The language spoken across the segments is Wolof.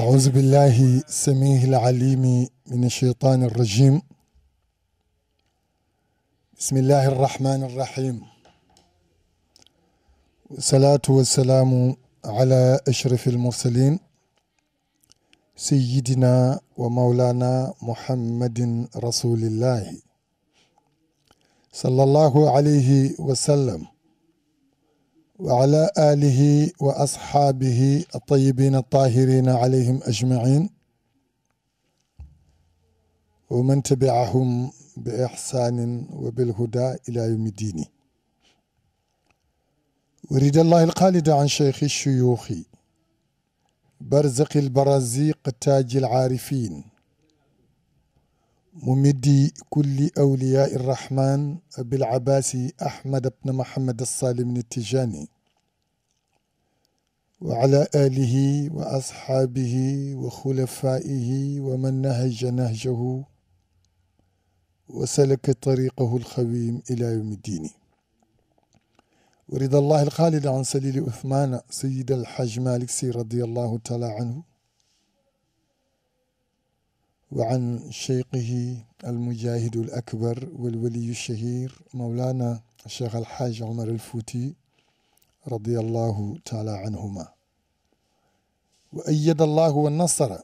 أعوذ بالله السميع العليم من الشيطان الرجيم بسم الله الرحمن الرحيم والصلاة والسلام على أشرف المرسلين سيدنا ومولانا محمد رسول الله صلى الله عليه وسلم وعلى آله وأصحابه الطيبين الطاهرين عليهم أجمعين ومن تبعهم بإحسان وبالهدى إلى يوم الدين ورد الله الخالد عن شيخ الشيوخ برزق البرازيق تاج العارفين mu middi kulli awliyaa irrahman abil abaasi ahmad ibn mohammad assalim ni tijaani wa ala alihi wa asxaabihi wa xulafaa'ihi wa man nahaja nahjahu wa salaka tariqahu alxawiim ila yawmi ddiini wa ridaa llaahi alxaalid an salili uthmaan sayyid alxaaj maalik si radiyallaahu taala anhu وعن شيقه المجاهد الأكبر والولي الشهير مولانا الشيخ الحاج عمر الفوتي رضي الله تعالى عنهما وأيد الله ونصر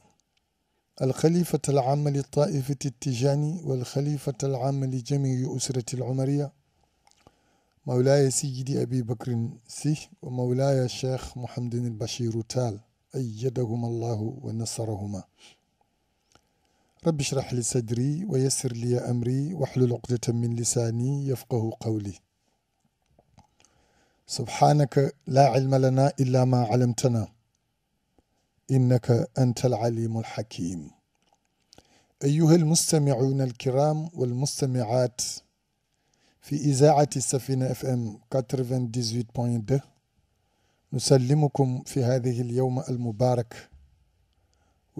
الخليفة العام للطائفة التجاني والخليفة العام لجميع أسرة العمرية مولاي سيدي أبي بكر سي ومولاي الشيخ محمد البشير تال أيدهما الله ونصرهما rabbi shrah li sadri wa yassir li amri wahlul uqdatan min lisaani yafqahu qawli subhaanaka laa ilma lanaa illaa maa allamtanaa innaka anta al-aliimu al-hakiim أيها المستمعون الكرام والمستمعات في إذاعة السفينة اف ام 98.2 نسلمكم في هذه اليوم المبارك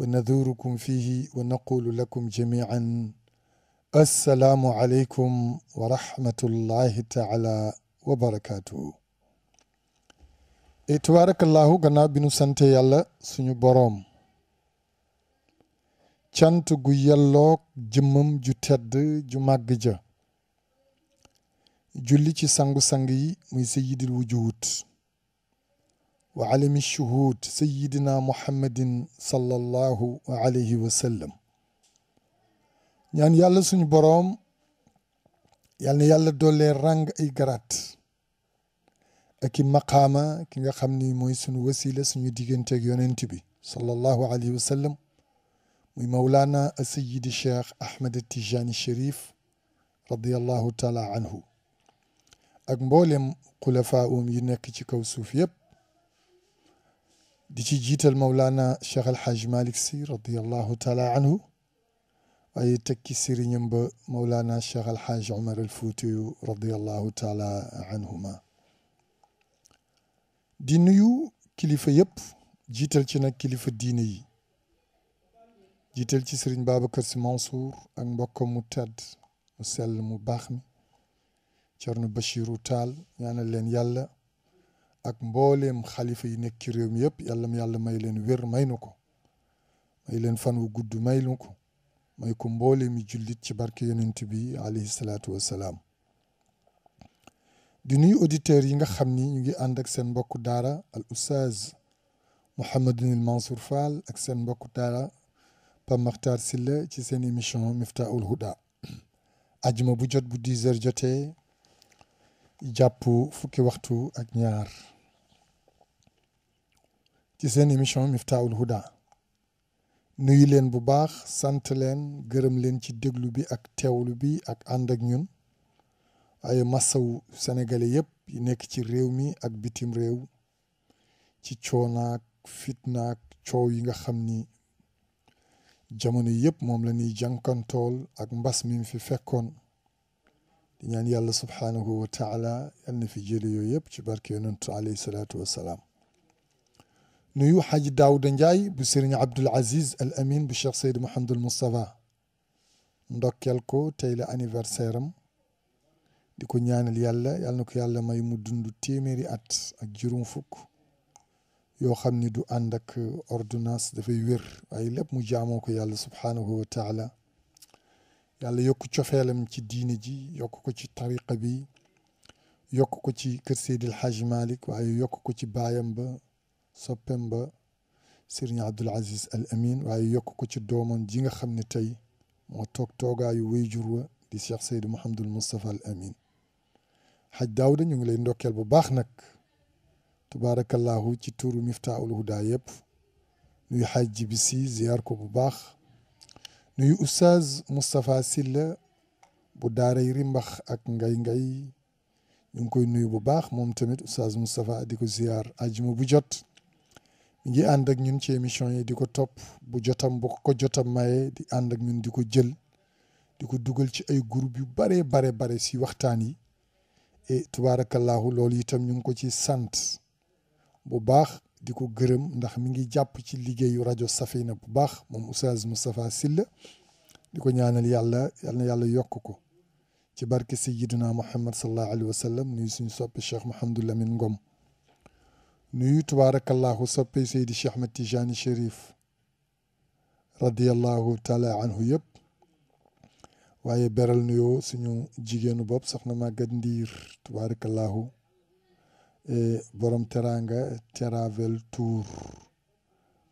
ونذوركم فيه ونقول لكم جميعا السلام عليكم ورحمة الله تعالى وبركاته e tabarakallahu gannaaw bi nu sante yàlla suñu boroom cant gu yelloog jëmmam ju tedd ju màgg ja julli ci sangu-sang yi muy sayyidil wa alami shuhud sayidina muhammadin sallallahu alayhi wa sallam ñaan yàlla suñu boroom yàlla na yàlla doollee rang ay garaat ak i maqaama ki nga xam ni mooy suñu wasila suñu digganteeg yonent bi sallallahu alayhi wa sallam muy mawlaana sayidi cheikh ahmed tijani sharif radiallahu taala anhu ak mboolem xulafaum yi nekk ci kaw suuf yëpp di ci jiital Mawlana Cheikh Al Hadj Malick Sy radiyallahu taala anhu waaye tekki sëriñam ba Mawlana Cheikh Al Hadj Omar al Foutiyu radiyallahu taala anhuma di nuyu kilifa yëpp jiital ci nag kilifa diine yi jiital ci sëriñ Babacar Sy Mansour ak mbokkam mu tedd mu sell mu baax mi Thierno Bachirou Tall ñaanal leen yàlla ak mbooleem xalifa yi nekk ci réew mi yëpp yàlla mu yàlla may leen wér may nu ko may leen fan wu gudd may nu ko may ko mbooleem yi jullit ci barke yonent bi alayhi salaatu wassalaam di nuyu auditeurs yi nga xam ni ñu ngi ànd ak seen mbokku daara al oustaz Mouhamadunil Mansour Fall ak seen mbokku daara Pape Makhtar Silla ci seen émission Miftahoul Houda ajuma bu jot bu 10 heures jotee jàpp fukki waxtu ak ñaar ci seen émission Miftaahul Huda nuyu leen bu baax sant leen gërëm leen ci déglu bi ak teewlu bi ak ànd ak ñun ay massawu sénégalais yëpp yi nekk ci réew mi ak bitim réew ci coonaak fitnaak coow yi nga xam ni jamono yëpp moom la ñuy jànkantool ak mbas mi fi fekkoon di ñaan yàlla subhaanahu wa taala yal na fi jële yooyu yëpp ci barke yonentu alayhi salaatu wassalaam nuyu xaaji daawuda njaay bu sëriñ abdul aziz al amin bu cheikh seydi mouhamadul moustapha ko tey la anniversaire di ko ñaanal yàlla yàlla na ko yàlla may mu dund téeméeri at ak juróom fukk yoo xam ni du ànd ak ordonnance dafay wér waaye lépp mu jaamoo ko yàlla subhaanahu wa taala yokk cofeelam ci diin ji yokk ci tariqa bi yokk ko ci kër seydil xaaji malik waaye yokk ci baayam ba soppeem ba Serigne Abdoul Aziz Al Amin waaye yokk ko ci doomam ji nga xam ne tey moo toog toogaayu jur wa di Cheikh Seydou Mouhamadul Moustapha Al Amin Haj Daawda ñu ngi lay ndokkeel bu baax nag tubaarakallahu ci tuuru Miftaahul Huda yëpp nuyu xaj ji ziyaar ko bu baax nuyu Oustaz Moustapha Sylla bu daaray rimbax ak ngay ngay ñu ngi koy nuyu bu baax moom tamit Oustaz Moustapha di ko ziyaar ajuma bu jot mi ngi ànd ak ñun ci émission yi di ko topp bu jotam bu ko jotam maye di ànd ak ñun di ko jël di ko dugal ci ay groupe yu bare bare bare si waxtaan yi et lool loolu itam ñu ngi ko ci sant bu baax di ko gërëm ndax mi ngi jàpp ci liggéeyu rajo Safina bu baax moom Oustaz Moustapha Sylla di ko ñaanal yàlla yal yàlla yokk ko ci barke sayyidina Muhammad sallallahu alayhi wa sallam nuyu suñu soppi Cheikh Mouhamadou min Ngom nuyu tabaarakallaahu soppey Seydi Cheikh Ahmed Tijani Chérif radiyallahu taala anhu yëpp waaye beral nuyoo suñu jigéenu bopp soxna Maguette Ndiir tabaarakallaahu e, borom teraanga Teravel Tour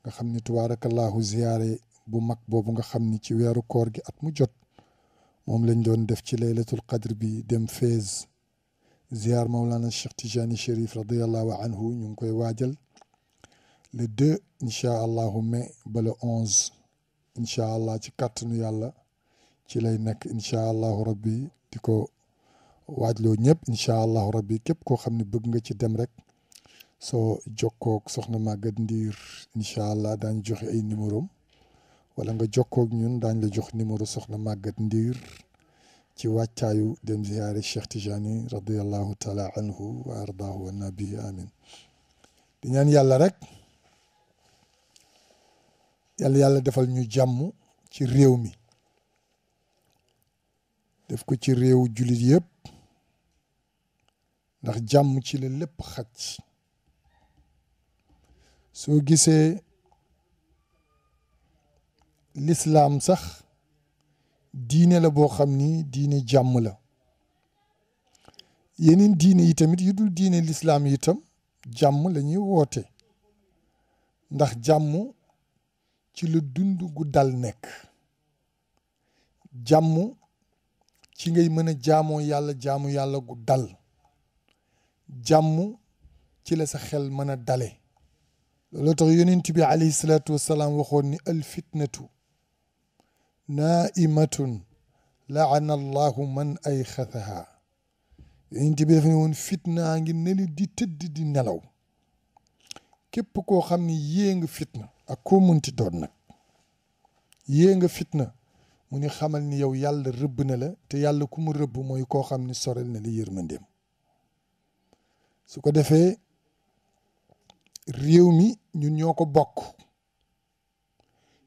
nga xam ni tabaarakallaahu ziyaare bu mag boobu nga xam ni ci weeru koor gi at mu jot moom lañ doon def ci laylatul qadr bi dem Fès ziar Mawlana Cheikh Tijani Chérif radiallahu anhu ñu ngi koy waajal le 2 incha allahu mais ba le 11 allah ci kattanu yàlla ci lay nekk incha allahu rabbi di ko waajloo ñëpp incha allahu rabbi képp koo xam ne bëgg nga ci dem rek soo jokkoog soxna Maguette Ndiir incha allah daañ joxe ay numéro wala nga jokkoog ñun daañ la jox numéro soxna Maguette Ndiir ci wàccaayu dem ziyaare Cheikh Tijani radiallahu taala anhu wa ardaahu wa nabihi amin di ñaan yàlla rek yàlla yàlla defal ñu jàmm ci réew mi def ko ci réewu julit yëpp ndax jàmm ci la lépp xaj soo gisee lislaam sax diine la boo xam ni diine jàmm la yeneen diine yi tamit yu dul diine lislaam yi itam jàmm la ñuy woote ndax jàmm ci la dund gu dal nekk jàmm ci ngay mën a jaamoo yàlla jàmm yàlla gu dal jàmm ci la sa xel mën a dale looloo tax yonent bi alayhi salaatu wasalaam waxoon ni al fitnatu naaimatun laana allahu man ay xasaha yonent bi dafa ne woon fitnaa ngi neli di tëdd di nelaw képp koo xam ni yée nga fitna ak koo munti doon nag yée nga fitna mu ni xamal ni yow yàlla rëbb na la te yàlla ku mu rëbb mooy koo xam ni sorel na la yërmandeem su ko defee réew mi ñun ñoo ko bokk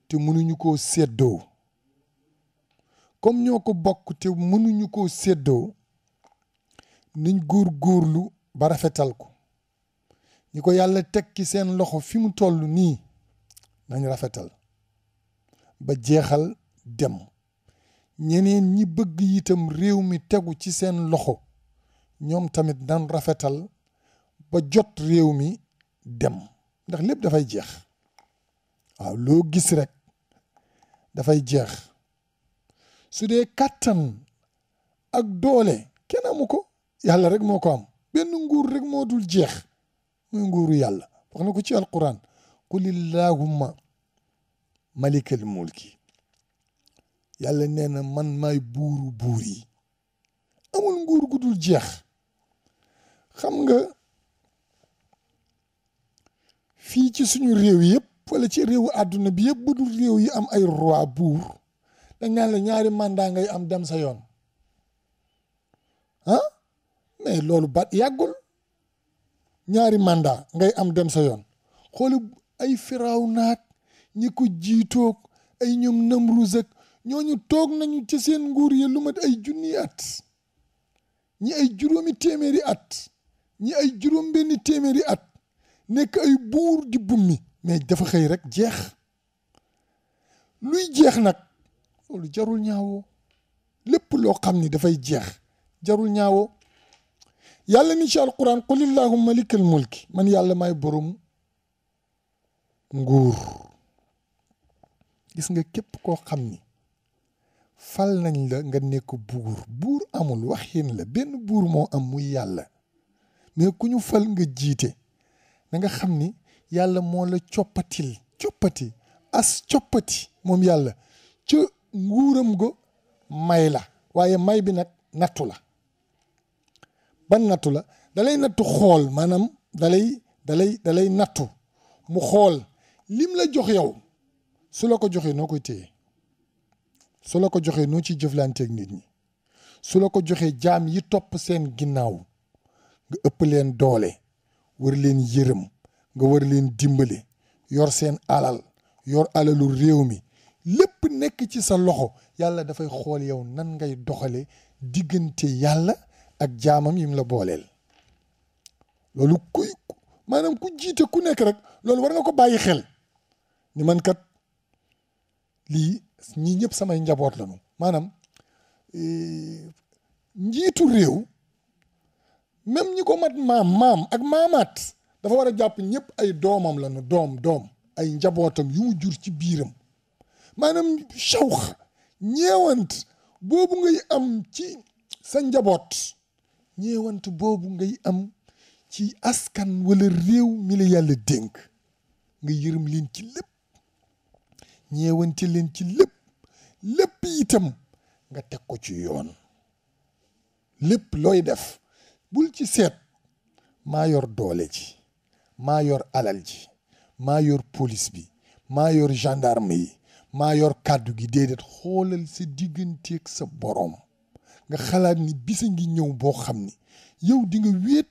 te mënuñu ko seddoo comme ñoo ko bokk te mënuñu koo séddoo niñ góor góorlu ba rafetal ko ñi ko yàlla teg ki seen loxo fi mu tollu nii nañ rafetal ba jeexal dem ñeneen ñi bëgg yitam réew mi tegu ci seen loxo ñoom tamit daan rafetal ba jot réew mi dem ndax lépp dafay jeex waaw loo gis rekk dafay jeex su dee kàttan ak doole kenn amu ko yàlla rek moo ko am benn nguur rek moo dul jeex muy nguuru yàlla wax na ko ci alquran qul illahumma malikal mulki yàlla nee na man may buuru buur yi amul nguur gu dul jeex xam nga fii ci suñu réew yëpp wala ci réewu àdduna bi yëpp bu dul yi am ay roi buur dañ la ñaari mandat ngay am dem sa yoon ah? mais loolu ba yàggul ñaari mandat ngay am dem sa yoon xooli ay firaw naag ñi ko jiitoog ay ñoom Namruus ak ñooñu toog nañu ci seen nguur yi lu mat ay junniy at ñi ay juróomi téeméeri at ñi ay juróom benni téeméeri at nekk ay buur di bummi mais dafa xëy rekk jeex luy jeex nag loolu jarul ñaawoo lépp loo xam ni dafay jeex jarul ñaawoo yàlla ni ci alquran qul illahumma malikal man yàlla may borom nguur gis nga képp koo xam ni fal nañ la nga nekk buur buur amul waxin la benn buur moo am muy yàlla mais ku ñu fal nga jiite na nga xam ni yàlla moo la coppatil coppati as coppati moom yàlla ca nguuram go may la waaye may bi nag nattu la ban nattu la dalay nattu xool maanaam dalay dalay dalay nattu mu xool lim la jox yow su la ko joxee noo koy téye su la ko joxee noo ci jëflanteeg nit ñi su la ko joxee jaam yi topp seen ginnaaw nga ëpp leen doole war leen yërëm nga war leen dimbali yor seen alal yor alalu réew mi lépp nekk ci sa loxo yàlla dafay xool yow nan ngay doxale diggante yàlla ak jaamam yim la booleel loolu kuy maanaam ku jiite ku nekk rek loolu war nga ko bàyyi xel ni man kat lii ñii ñëpp samay njaboot lañu maanaam e, njiitu réew même ñi ko mat maam maam ak maamaat dafa war a jàpp ñëpp ay doomam lañu doom doom ay njabootam yu mu jur ci biiram maanaam shawx ñeewant boobu ngay am ci sa njaboot ñeewant boobu ngay am ci askan wala réew mi la yàlla dénk nga yërëm liin ci lépp ñeewante leen ci lépp lépp itam nga teg ko ci yoon lépp looy def bul ci seet maa yor doole ji maa yor alal ji maa yor police bi maa yor gendarme yi maa yor kàddu gi déedéet xoolal sa digganteeg sa boroom nga xalaat ni bisa ngi ñëw boo xam ni yow dinga nga wéet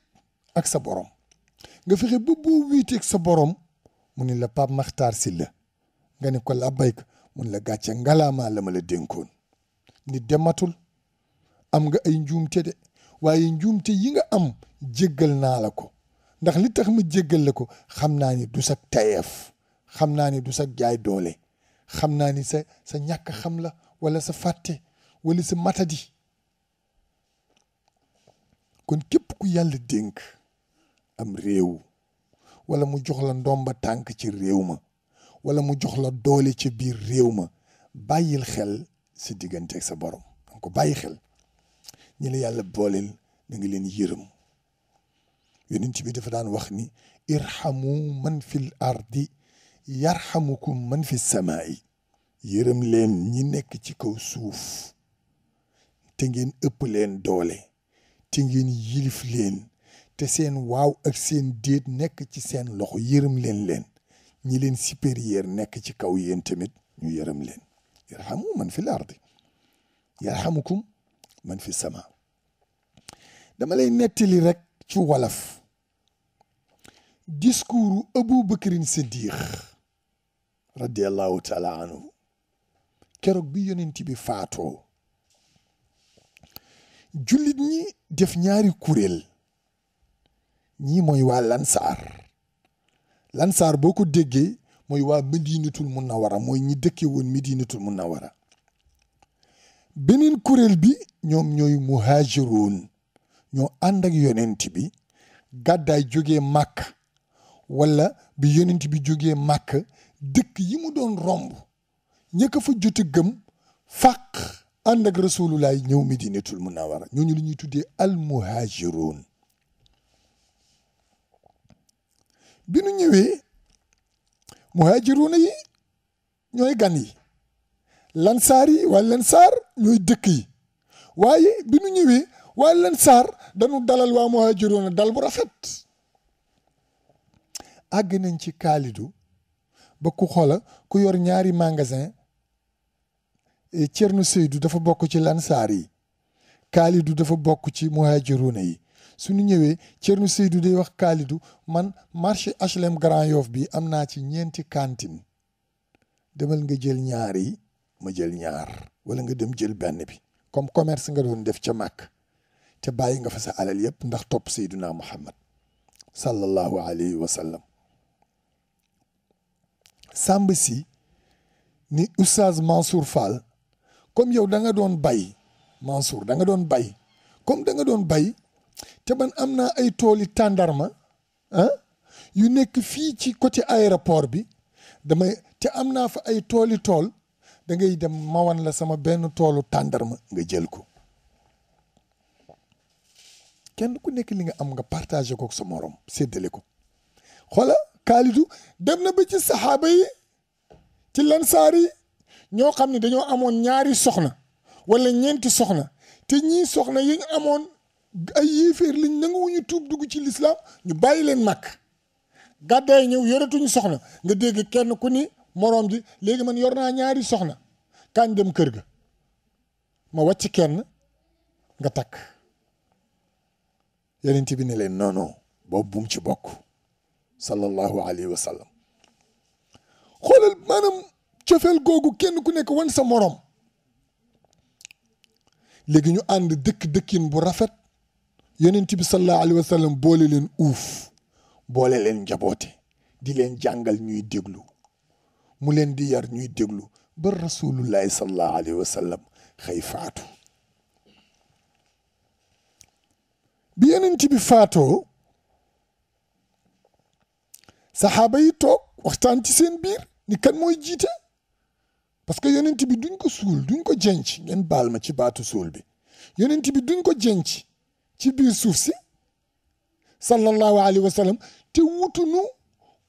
ak sa boroom nga fexe ba boo wéeteeg sa boroom mu ni la Pape si Sylla nga ne ko la bayka mu ne la gàcce ngalaamaa la ma la dénkoon ni dematul am nga ay njuumte de waaye njuumte yi nga am jéggal naa la ko ndax li tax ma jéggal la ko xam naa ni du sag tayeef xam naa ni du sag jaay doole xam naa ni sa sa ñàkk xam la walla sa fàtte wala sa matadi kon képp ku yàlla dénk am réew wala mu jox la ndomba tànk ci réew ma wala mu jox la doole ci biir réew ma bàyyil xel si diggante ak sa borom danga ko bàyyi xel ñi la yàlla booleel da nga leen yërëm yonent bi dafa daan wax ni irhamu man fil ardi yarhamukum man fi samaa'i yërëm leen ñi nekk ci kaw suuf te ngeen ëpp leen doole te ngeen yilif leen te seen waaw ak seen déet nekk ci seen loxo yërëm leen leen ñi leen supérieur nekk ci kaw yéen tamit ñu yërëm leen yarhamu man fi l-ardi yarhamukum man fi samaa dama lay nettali rek ci wolof discours u Aboubacrine Siddiq radiallahu taala keroog bi yonent bi faatoo jullit ñi def ñaari kuréel ñi mooy waa lansaar lansaar boo ko déggee mooy waa madinatul munawara mooy ñi dëkke woon na munawara beneen kuréel bi ñoom ñooy muhaajiroon ñoo ànd ak yonent bi gàddaay jógee màkk wala bi yonent bi jógee màkk dëkk yi mu doon romb ñëkk fa juti gëm fàq ànd ak rasulullaay ñëw Madinatul Munawwara ñooñu li ñuy tuddee almuhaajiroon bi nu ñëwee muhaajiroon yi ñooy gan yi lansaar yi waa lansaar ñooy dëkk yi waaye bi nu ñëwee waa lansaar dañu dalal waa muhaajiroon dal bu rafet àgg nañ ci kaalidu ba ku xoola ku yor ñaari magasin Cerno eh, Seydou dafa bokk ci lansaar yi kaalidu dafa bokk ci muhajiruna yi suñu ñëwee Cerno Seydou day wax Khalidou man marché HLM Grand Yoff bi am naa ci ñeenti cantine demal nga jël ñaar yi ma jël ñaar walla nga dem jël benn bi comme commerce nga doon def ca màkk te bàyyi nga fa sa alal yëpp ndax topp Seyduna Muhammad sallallahu alayhi wa Samba si ni oustaz Mansour Fall comme yow da nga doon bay Mansour da nga doon bay comme danga doon bay te man am naa ay tooli tàndarma ah yu nekk fii ci côté aéroport bi damay te am naa fa ay tooli tool dangay ngay dem mawan la sama benn toolu tàndarma nga jël ko kenn ku nekk li nga am nga partagé ko sa morom séddale ko xoola kaalitu dem na ba ci saxaaba yi ci lansaar yi ñoo xam ne dañoo amoon ñaari soxna wala ñeenti soxna te ñii soxna yi ñu amoon ay yéeféer lañ nanguwuñu tuub dugg ci lislaam ñu bàyyi leen màkk gàddaay ñëw yoretuñu soxna nga dégg kenn ku ni moroom ji léegi man yor naa ñaari soxna kañ dem kër ga ma wàcc kenn nga takk yeneen bi ne leen non boobu bu ci bokk sallallahu alayhi wa sallam xoolal maanaam cofeel googu kenn ku nekk wan sa moroom léegi ñu ànd dëkk dëkkin bu rafet yeneen bi sallallahu alayhi wa sallam boole leen uuf boole leen njaboote di leen jàngal ñuy déglu mu leen di yar ñuy déglu ba rasulullahi sallallahu alayhi wa sallam faatu bi yonent bi faatoo saxaaba yi toog waxtaan ci seen biir ni kan mooy jiite parce que yonent bi duñ ko suul duñ ko jenc ngeen baal ma ci baatu suul bi yonent bi duñ ko jenc ci biir suuf si sallallahu alayhi wa sallam te wuutunu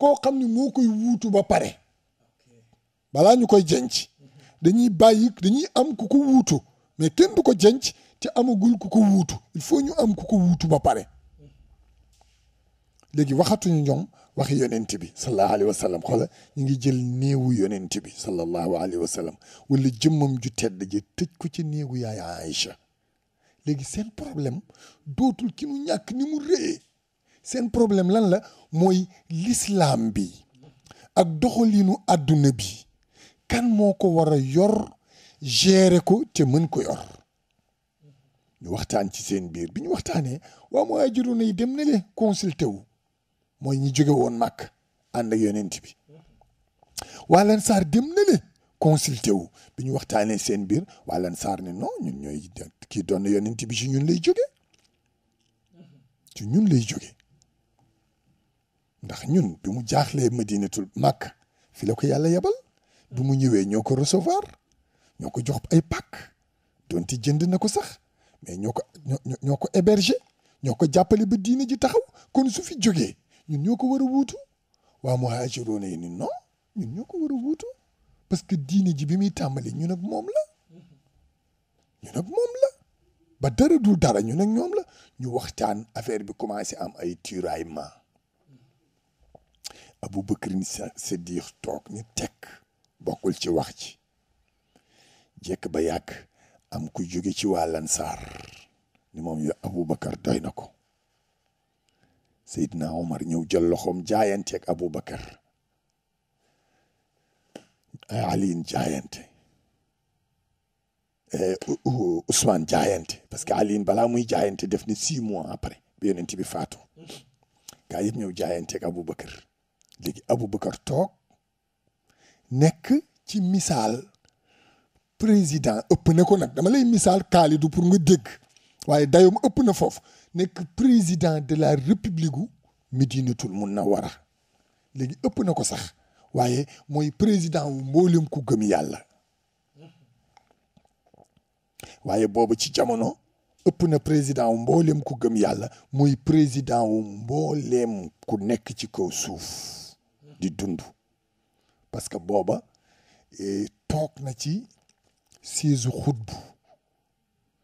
koo xam ne moo koy wuutu ba pare balaa ñu koy jenc dañuy bàyyi dañuy am ku ko wuutu mais kenn du ko jenc te amagul ku ko wuutu il faut ñu am ku ko wuutu ba pare léegi waxatuñu ñoom wax yonent bi sallallahu alayhi wa sallam ñu ngi jël néewu yonent bi sallallahu alayhi wa sallam wala jëmmam ju tedd ji tëj ko ci néegu yaay Aïcha léegi seen problème dootul ki nu ñàkk ni mu rëyee seen problème lan la mooy lislaam bi ak doxalinu àdduna bi kan moo ko war a yor gérer ko te mën ko yor ñu waxtaan ci seen biir bi ñu waxtaanee waa muhaajiruun ay dem na le consulté wu mooy ñi jóge woon màkk ànd ak yonent bi waa Lansaar dem na le consulté wu bi ñu waxtaanee seen biir waa Lansaar ne non ñun ñooy kii doon na yonent bi ci ñun lay jóge ci ñun lay jóge ndax ñun bi mu jaaxlee madinatul màkk fi la ko yàlla yebal bi mu ñëwee ñoo ko recevoir ñoo ko jox ay pàkk donte jënd na ko sax mais ñoo ko ñoo ko héberger ñoo ko jàppale ba diine ji taxaw kon su fi jógee ñun ñoo ko war a wuutu waa muhaajiroona yi ni non ñun ñoo ko war a wuutu parce que diine ji bi muy tàmbali ñun ak moom la ñun ak moom la ba dara du dara ñun ak ñoom la ñu waxtaan affaire bi commencé am ay tiraillement Abu Bakr Siddiq toog ni tekk bokkul ci wax ci jekk ba yàgg am ku jóge ci waa Lansaar ni moom yo Abu doy na ko Seydina Omar ñëw jël loxoom jaayante ak Aboubacar Aliin jaayante Ousmane jaayante parce que Aliin balaa muy jaayante def ni six mois après bi yonent bi faatu gaa yëpp ñëw jaayante ak Aboubacar léegi Aboubacar toog nekk ci misaal président ëpp na ko nag dama lay misaal kaalidu pour nga dégg waaye dayoom ëpp na foofu nekk président de la république gu Medinatul Munawara léegi ëpp na ko sax waaye mooy président wu mboolem ku gëm yàlla waaye boobu ci jamono ëpp na président wu mboolem ku gëm yàlla muy président wu mboolem ku nekk ci kaw suuf di dund parce que booba e, toog na ci siège xutbu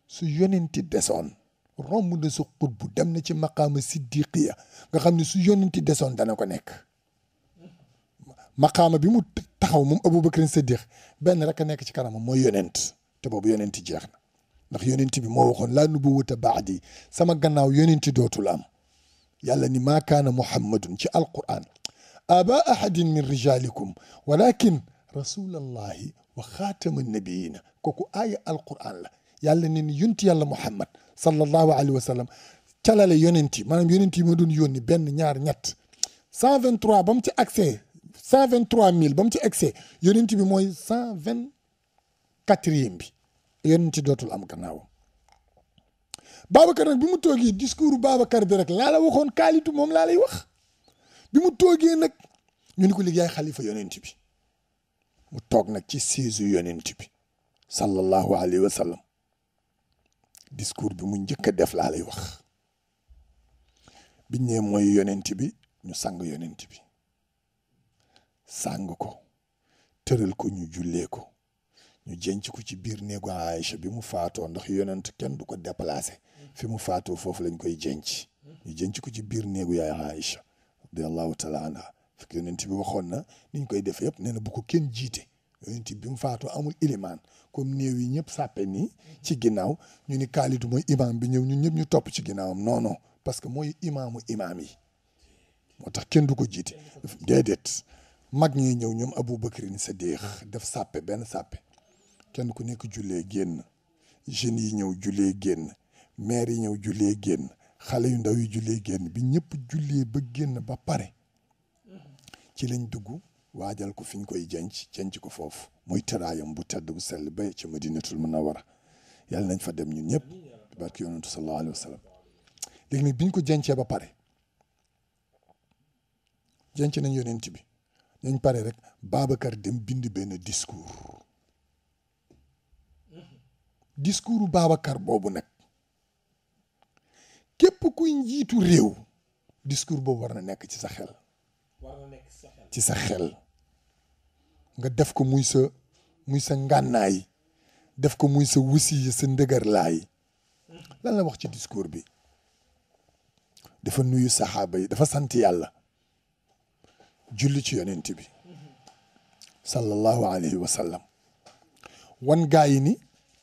su yonenti desoon romb na sa xutbu dem na ci maqaama siddiqiya nga xam ne su yónnenti desoon dana ko nekk maqaama bi mu taxaw moom aboubacarin siddiq benn rek a nekk ci kanamam mooy yonent te boobu yonenti jeex na ndax yonenti bi moo waxoon laa nubuwata baadi sama gannaaw yonenti dootul am yàlla ni maa kaana muhammadun ci alquran aba ahadin min rijalikum walakin rasulallahi wa xaatama nabiyiina kooku aaya alquran la yàlla ne ni yonent yàlla muhammad sallallahu alayhi wa sallam calale yonent yi maanaam yonent yi ma doon yónni benn ñaar ñett 123 ba mu ci accès mille ba mu ci accès yonent bi mooy 124e bi yonent dootul am gannaaw Babacar nag bi mu toogee discours Babacar bi rek laa la waxoon kaalitu moom laa lay wax bi mu toogee nag ñu ni ko liggéey xalifa yonent bi mu toog nag ci siège yonent bi sallallahu alayhi wa sallam discours bi mu njëkk a def laa lay wax biñ ne mooy yonent bi ñu sang yonent bi sang ko tëral ko ñu jullee ko ñu jenc ko ci biir néegu Aïcha bi mu faatoo ndax yonent kenn du ko déplacé fi mu faatoo foofu lañ koy jenc ñu jenc ko ci biir néegu yaay Aïcha radiyallahu taala anha fekk yonent bi waxoon na niñ koy def yëpp nee na bu ko kenn jiite yonent bi mu faatoo amul ilimaan comme néew yi ñëpp sàppe nii ci ginnaaw ñu ni kaalidu mooy imaam bi ñëw ñu ñëpp ñu topp ci ginnaawam non parce que mooy imaamu imaam yi moo tax kenn du ko jiite déedéet mag ñuy ñëw ñoom Abu Bakrin Sadiq def sàppe benn sàppe kenn ku nekk jullee génn jeunes yi ñëw jullee génn maire yi ñëw jullee génn xale yu ndaw yi jullee génn bi ñëpp jullee ba génn ba pare ci lañ dugg waajal ko fi ñu koy jenc jenc ko foofu muy tëraayam bu tedd bu sell ba ci ma madinatul munawara yàlla nañ fa dem ñun ñëpp barki yonentu sallallahu alayhi wa sallam léegi nag biñ ko jencee ba pare jenc nañ yonent bi nañ pare rek baabakar dem bind benn discours discoursu Babacar boobu nag képp kuy jiitu réew discours boobu war na nekk ci sa xel ci sa xel nga def ko muy sa muy sa ngànnaay def ko muy sa wusi sa lay lan la wax ci discours bi dafa nuyu saxaaba yi dafa sant yàlla julli ci yonent bi sallallahu alayhi wa wan gaa ni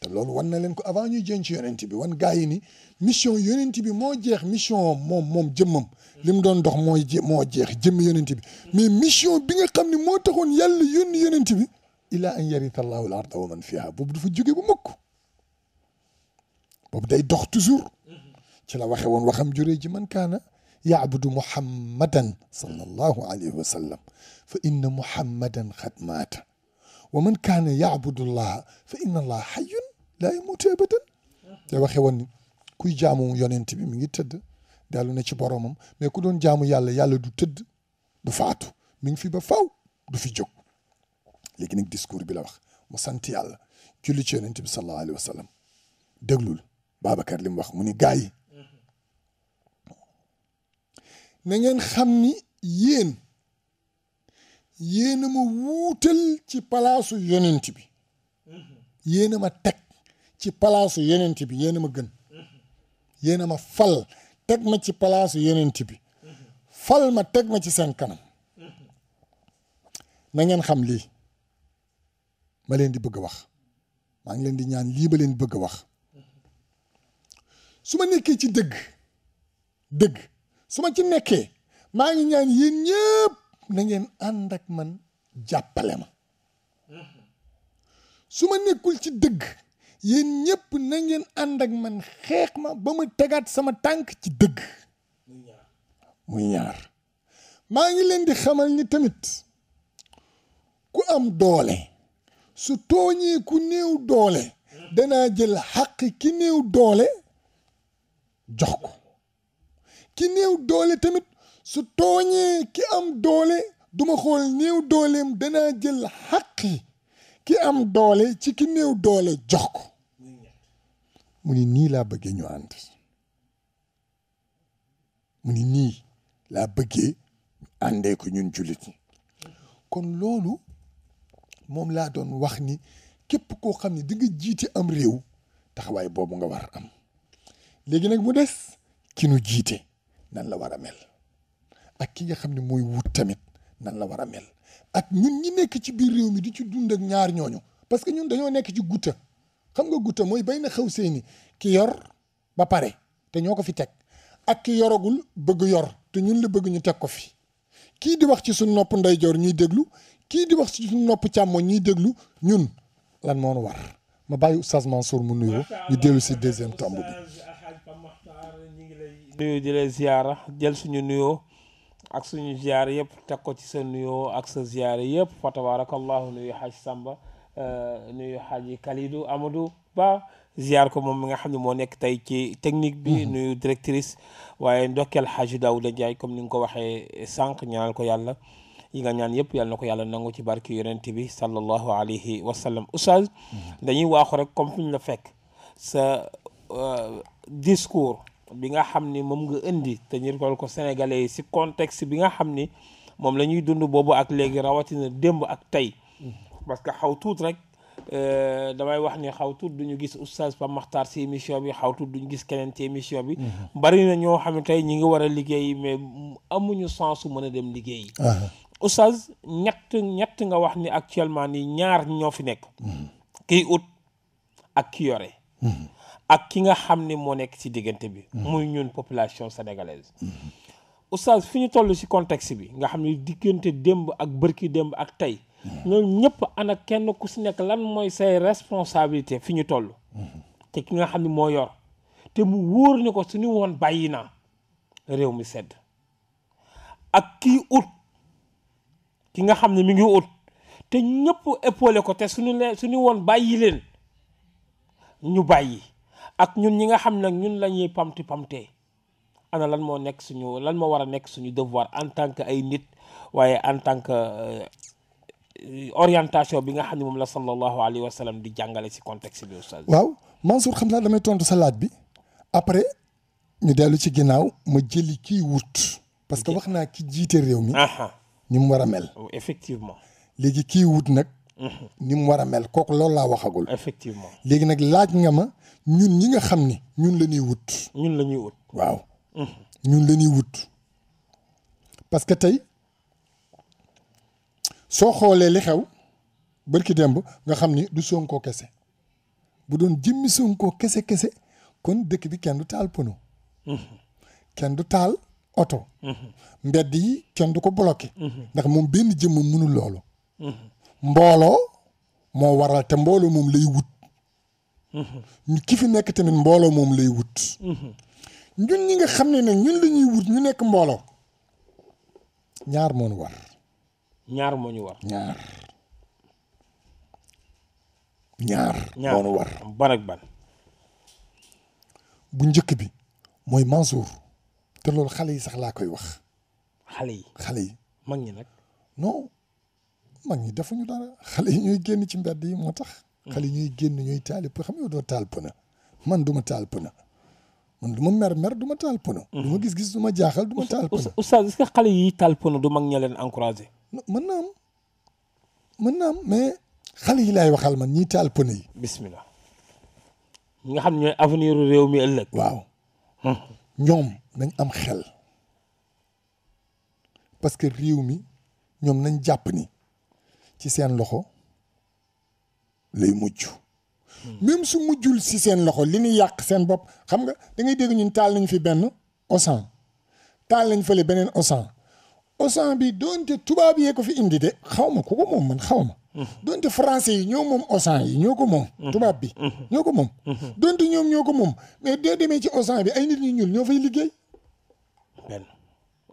te loolu wan na leen ko avant ñuy jën ci yonent bi wan gaa yi ni mission yonent bi moo jeex mission moom moom jëmmam li mu doon dox mooy moo jeex jëmm yonent bi mais mission bi nga xam ne moo taxoon yàlla yónni yonent bi ila an yarita allahu al arda wa man fiha boobu dafa jóge bu mukk boobu day dox toujours ci la waxe woon waxam juree ji man kaana yaabudu muhammadan sallallahu alayhi wa sallam fa inna muhammadan xad maata wa man kaana yaabudu allaha fa inna allaha laa yamuutu abadan te waxe woon kuy jaamu yonent bi mi ngi tëdd dellu na ci boromam mais ku doon jaamu yàlla yàlla du tëdd du faatu mi ngi fi ba faw du fi jóg léegi nag discours bi la wax mu sant yàlla julli ci yonent bi sallallahu alayhi wa sallam déglul wax mu ni gaa yi xam ni yéen yéen ci palaasu yonent bi yéen ma teg ci palaasu yenent bi yéen ma gën yéen a ma fal teg ma ci palaasu yenent bi fal ma teg ma ci seen kanam na ngeen xam lii ma leen di bëgg a wax maa ngi leen di ñaan lii ba leen bëgg a wax su ma nekkee ci dëgg dëgg su ma ci nekkee maa ngi ñaan yéen ñëpp na ngeen ànd ak man jàppale ma su ma nekkul ci dëgg yéen ñëpp na ngeen ànd ak man xeex ma ba ma tegaat sama tànk ci dëgg mu ñaar maa ngi leen di xamal ni tamit ku am doole su tooñee ku néew doole danaa jël xaq ki néew doole jox ko ki néew doole tamit su tooñee ki am doole duma xool néew dooleem danaa jël xaqi ki am doole ci ki néew doole jox ko mu ni nii laa bëggee ñu ànd mu ni nii laa bëggee àndee ko ñun jullit ñi kon loolu moom laa doon wax ni képp koo xam ne dinga nga jiite am réew taxawaay boobu nga war am léegi nag mu des ki nu jiite nan la war a mel ak ki nga xam ne mooy wut tamit nan la war a mel ak ñun ñi nekk ci biir réew mi di ci dund ak ñaar ñooñu parce que ñun dañoo nekk ci gutta xam nga gutta mooy bay na xaw seeni ki yor ba pare te ñoo ko fi teg ak ki yoragul bëgg yor te ñun la bëgg ñu teg ko fi kii di wax ci suñu nopp ndeyjoor ñuy déglu kii di wax ci suñu nopp ñuy déglu ñun lan moo nu war ma bàyyi Oustaz Mansour mu nuyoo ñu dellu si deuxième tomb bi. nuyu di lay ziyaara jël suñu nuyoo ak suñu ziyaar yëpp teg ko ci sa nuyoo ak sa ziyaar yëpp fa tabaarakallahu nuyu xaj sàmba Euh, nuyu xaaji Kalidou Amadou Ba ziar ko moom mi nga xam ne moo nekk tey ci technique bi mhm. nuyu directrice waaye ndokkeel xaaji Daouda jaay comme ni nga ko waxee sànq ñaanal ko yàlla yi nga ñaan yëpp yàlla na ko yàlla nangu ci barki yonent bi sallallahu alayhi wa sallam oustaz mhm. dañuy waaxu rek comme fi la fekk sa euh, discours bi nga xam ni moom nga indi te ñu ko ko sénégalais si contexte bi nga xam ni moom la ñuy dund boobu ak léegi rawatina démb ak tey mhm. parce que xaw xawtuut rek euh, damay wax ni xawtuut duñu gis oustaz Pape Makhtar si émission bi xawtuut duñu gis keneen ci émission bi mhm. bari na ñoo xam ne tey ñi ngi war a liggéey mais amuñu sens su mën a dem liggéey ah. oustaz ñett ñett nga wax ni actuellement ni ñaar ñoo fi nekk mhm. kiy ut ak ki yore mhm. ak ki nga xam ni moo nekk ci diggante bi muy ñun population sénégalaise oustaz fi ñu toll ci contexte bi nga xam ni diggante démb ak bërki démb ak tey ñoom ñëpp ana kenn ku si nekk lan mooy say responsabilité fi ñu toll. te ki nga xam ni moo yor te mu wóor ni ko suñu woon bàyyi naa réew mi sedd ak kii ut ki nga xam ne mi ngi ut te ñëpp épaulé ko te suñu leen suñu woon bàyyi leen ñu bàyyi ak ñun ñi nga xam ne ñun lañuy ñuy pamti pamtee ana lan moo nekk suñu lan moo war a nekk suñu devoir en tant que ay nit waaye en tant que euh, Euh, orientation bi nga xam ne moom la sallallahu alayhi wa sallam di jàngale si contexte waaw Mansour xam naa damay tontu sa laaj bi après ñu dellu ci ginnaaw ma jëli kii wut parce que wax naa ki jiite réew mi ni mu war a mel oh, effectivement léegi kii wut nag mhm. ni mu war a mel kooku loolu laa waxagul effectivement léegi nag laaj nga ma ñun ñi nga xam ni ñun la ñuy wut ñun la ñuy wut waaw mhm. ñun la wut parce tey soo xoolee li xew bërki demb nga xam ni du Sonko kese bu doon jëmmi Sonko kese kese kon dëkk bi kenn du taal pono kenn du taal oto mbedd yi kenn du ko bloqué ndax moom benn jëmm mënul loolu mbooloo moo waral te mbooloo moom lay wut ñu ki fi nekk tamit mbooloo moom lay wut ñun ñi nga xam ni nag ñun la wut ñu nekk mbooloo ñaar moonu war ñaar moo ñu war. ñaar ñaar. moo ñu war ban ak bu njëkk bi mooy Mansour te loolu xale yi sax laa koy wax. xale yi xale yi. mag ñi nag. non mag ñi defuñu dara xale yi ñooy génn ci mbedd yi moo tax. xale yi ñooy génn ñooy taali xam nga doo taal pëna man du ma taal pëna man du ma mer mer du ma taal pëna. Mhm. du ma gis-gis du ma jaaxal du ma taal pëna. oustaz xale yi taal du mag ña leen encouragé. mën na mën na am mais xale yi lay waxal man ñiy taal pneu yi. bismillah ñi nga xam ñooy avenir réew mi ëllëg. waaw ñoom nañ am xel parce que réew mi ñoom nañ jàpp ni ci seen loxo lay mujj. même su mujjul si seen loxo li ñuy yàq seen bopp xam nga da ngay dégg ñun taal nañ fi benn osan taal nañ fële beneen osan. Auchan bi doonte tubaab yee ko fi indi de xaw ma ko ko moom man xaw ma. doonte français yi ñoo moom Auchan yi ñoo ko moom. tubaab bi ñoo ko moom. doonte ñoom ñoo ko moom mais doo demee ci Auchan bi ay nit ñu ñuul ñoo fay liggéey. benn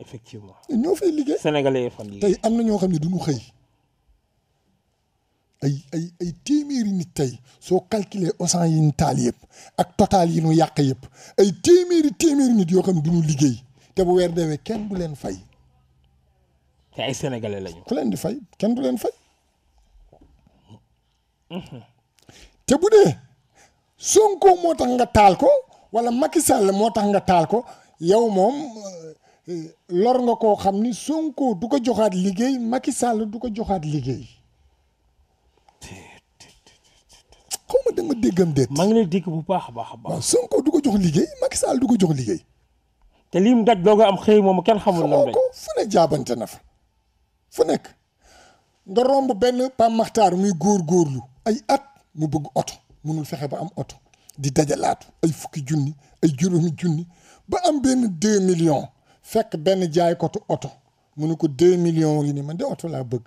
effectivement. ñoo fay liggéey sénégalais fan tey am na ñoo xam ne du ñu xëy. ay ay téeméeri nit tey soo calculer Auchan yi ñu taal yëpp ak total yi ñu yàq yëpp ay téeméeri téeméeri nit yoo xam ne du ñu liggéey te bu weer deewee kenn du leen fay. te ay sénégalais lañu. ku leen di fay kenn du leen fay. te bu dee Sonko moo tax nga taal ko wala Macky Sall moo tax nga taal ko yow moom euh, lor nga koo xam ni Sonko du ko joxaat liggéey Macky Sall du ko joxaat liggéey. xaw ma déggam déet. maa ngi lay dégg bu baax a baax a du ko jox liggéey Macky Sall du ko jox liggéey. te lim daj doo nga am xëy moom kenn xamul. lan daj fu ne jaabante na fa. fu nekk nga romb benn Pape Makhtar góor góorlu ay at mu bëgg oto munul fexe ba am oto di dajalaatu ay fukki junni ay juróomi junni ba am benn deux millions fekk benn jaaykatu oto mu ne ko deux millions yi ni man de oto laa bëgg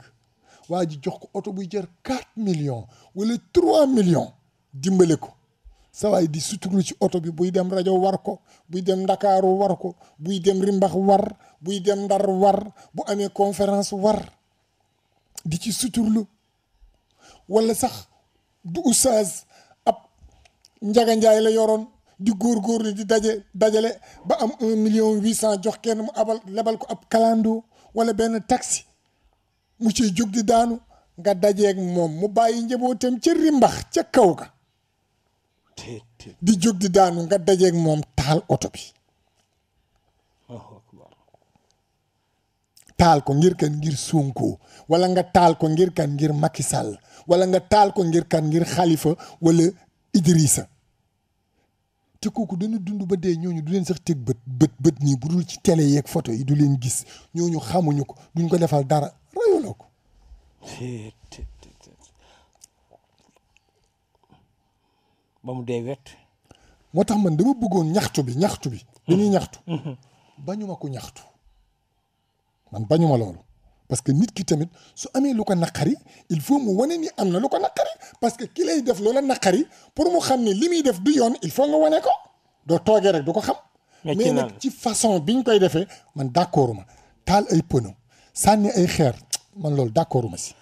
waa ji jox ko oto buy jar quatre millions wala trois millions dimbale ko sawaay di suturlu ci oto bi buy dem rajo war ko buy dem ndakaaru war ko buy dem rimbax war buy dem ndar war bu amee conférence war di ci suturlu wala sax du oustaz ab njaganjaay la yoroon di góor góorgóorlu di daje dajale ba am un million huit cent jox kenn mu abal lebal ko ab kalandoo wala benn taxi mu ciy jóg di daanu nga dajeeg moom mu bàyyi njabootam ca rimbax ca kaw ga di jóg di daanu nga dajeeg moom taal oto bi taal ko ngir kan ngir Sonko wala nga taal ko ngir kan ngir Macky Sall wala nga taal ko ngir kan ngir Khalifa wala Idrissa te kooku dana dund ba dee ñooñu du leen sax teg bët bët bët nii bu dul ci télé yeeg photo yi du leen gis ñooñu xamuñu ko duñ ko defal dara rayuloo ko ba mu dee wet. moo tax man dama bëggoon ñaxtu bi ñaxtu bi. dañuy mm-hmm. ñaxtu. Mm-hmm. bañu ma ko ñaxtu man bañu ma loolu. parce que nit ki tamit su amee lu ko naqari il faut mu wane ni am na lu ko naqari parce que ki lay def loola naqari pour mu xam ne li muy def du yoon il faut nga wane ko doo toogee rek du ko xam. mais nag ci façon bi ñu koy defee man d' accord ma taal ay pono sànni ay xeer man loolu d' accord ma si.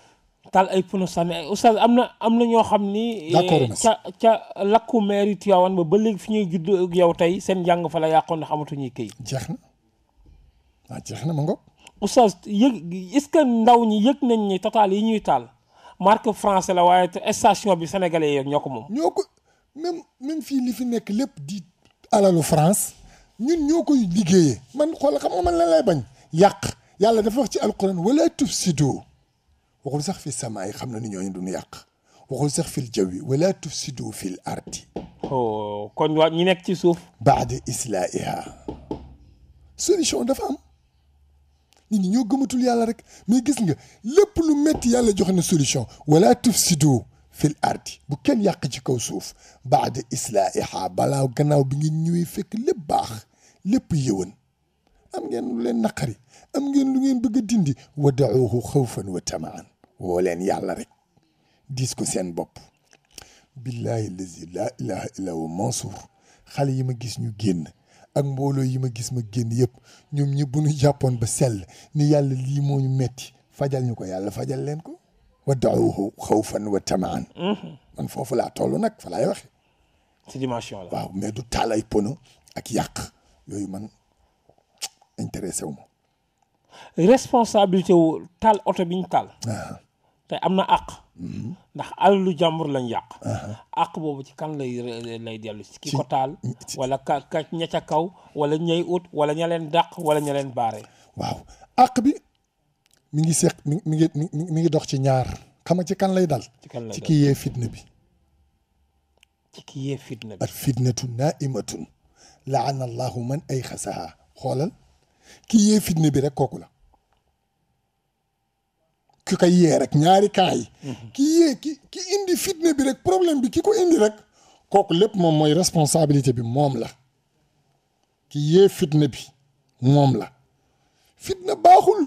taal ay pneu sànni ay am na am na ñoo xam ni. Eh, ca ca lakku mairie Tivaouane ba ba léegi fi ñuy judd ak yow tey seen njàng fa la yàqoon na xamatuñuy këy. jeex na ah jeex na ma ndaw ñi yëg nañ ni total yi ñuy taal marque français la waaye station bi sénégalais yeeg ñoo ko moom. ñoo ko même même fii li fi nekk lépp di alalu France ñun ñoo koy liggéeyee man xool xam nga man lan lay bañ yàq yàlla dafa wax ci alquran wala tufsidu waxul sax fi sama yi xam na ni ñoo ñu du duñu yàq waxul sax fil jawi wala tufsidu fil ardi kon waa ñi nekk ci suuf baax di islaiha solution dafa am nit ñi ñoo gëmatul yàlla rek mais gis nga lépp lu metti yàlla joxe na solution wala tufsidu fil ardi bu kenn yàq ci kaw suuf baax baada islaiha balaa gannaaw bi ngeen ñëwee fekk lépp baax lépp yëwan am ngeen lu leen naqari am ngeen lu ngeen bëgg a dindi wa dacuuhu xawfan wa tamaan woo leen yàlla rek diis ko seen bopp billahi lazi laa ilaha illa hu xale yi ma gis ñu génn ak mbooloo yi ma gis ma génn yëpp ñoom ñi bu ñu jàppoon ba sell ni yàlla lii moo ñu metti fajal ñu ko yàlla fajal leen ko wa daawuhu xawfan wa tamaan mhm. man foofu laa toll nag fa laay waxe ci dimension la waaw mais du taal ay pono ak yàq yooyu man intéressé ma responsabilité wu taal oto bi ñu taal ah. te am na àq. Mhm. ndax alalu jàmbur lañ yàq. àq boobu ci kan lay lay dellu. ci ki ko taal wala ka ka ca kaw wala ñay ut wala ña leen dàq wala ña leen baare. waaw àq bi mu ngi seq mi ngi mi ngi dox ci ñaar xam ci kan lay dal. ci kan lay yee fitna bi. ci ki yee fitna bi. ak fitnatu naimatun laana allahu man ay xasaha xoolal ki yee fitna bi rek kooku la. ki koy yee rek ñaari cas mhm. ki yee ki indi fitne bi rek problème bi ki ko indi rek kooku lépp moom mooy responsabilité bi moom la ki yee fitna bi moom la fitne baaxul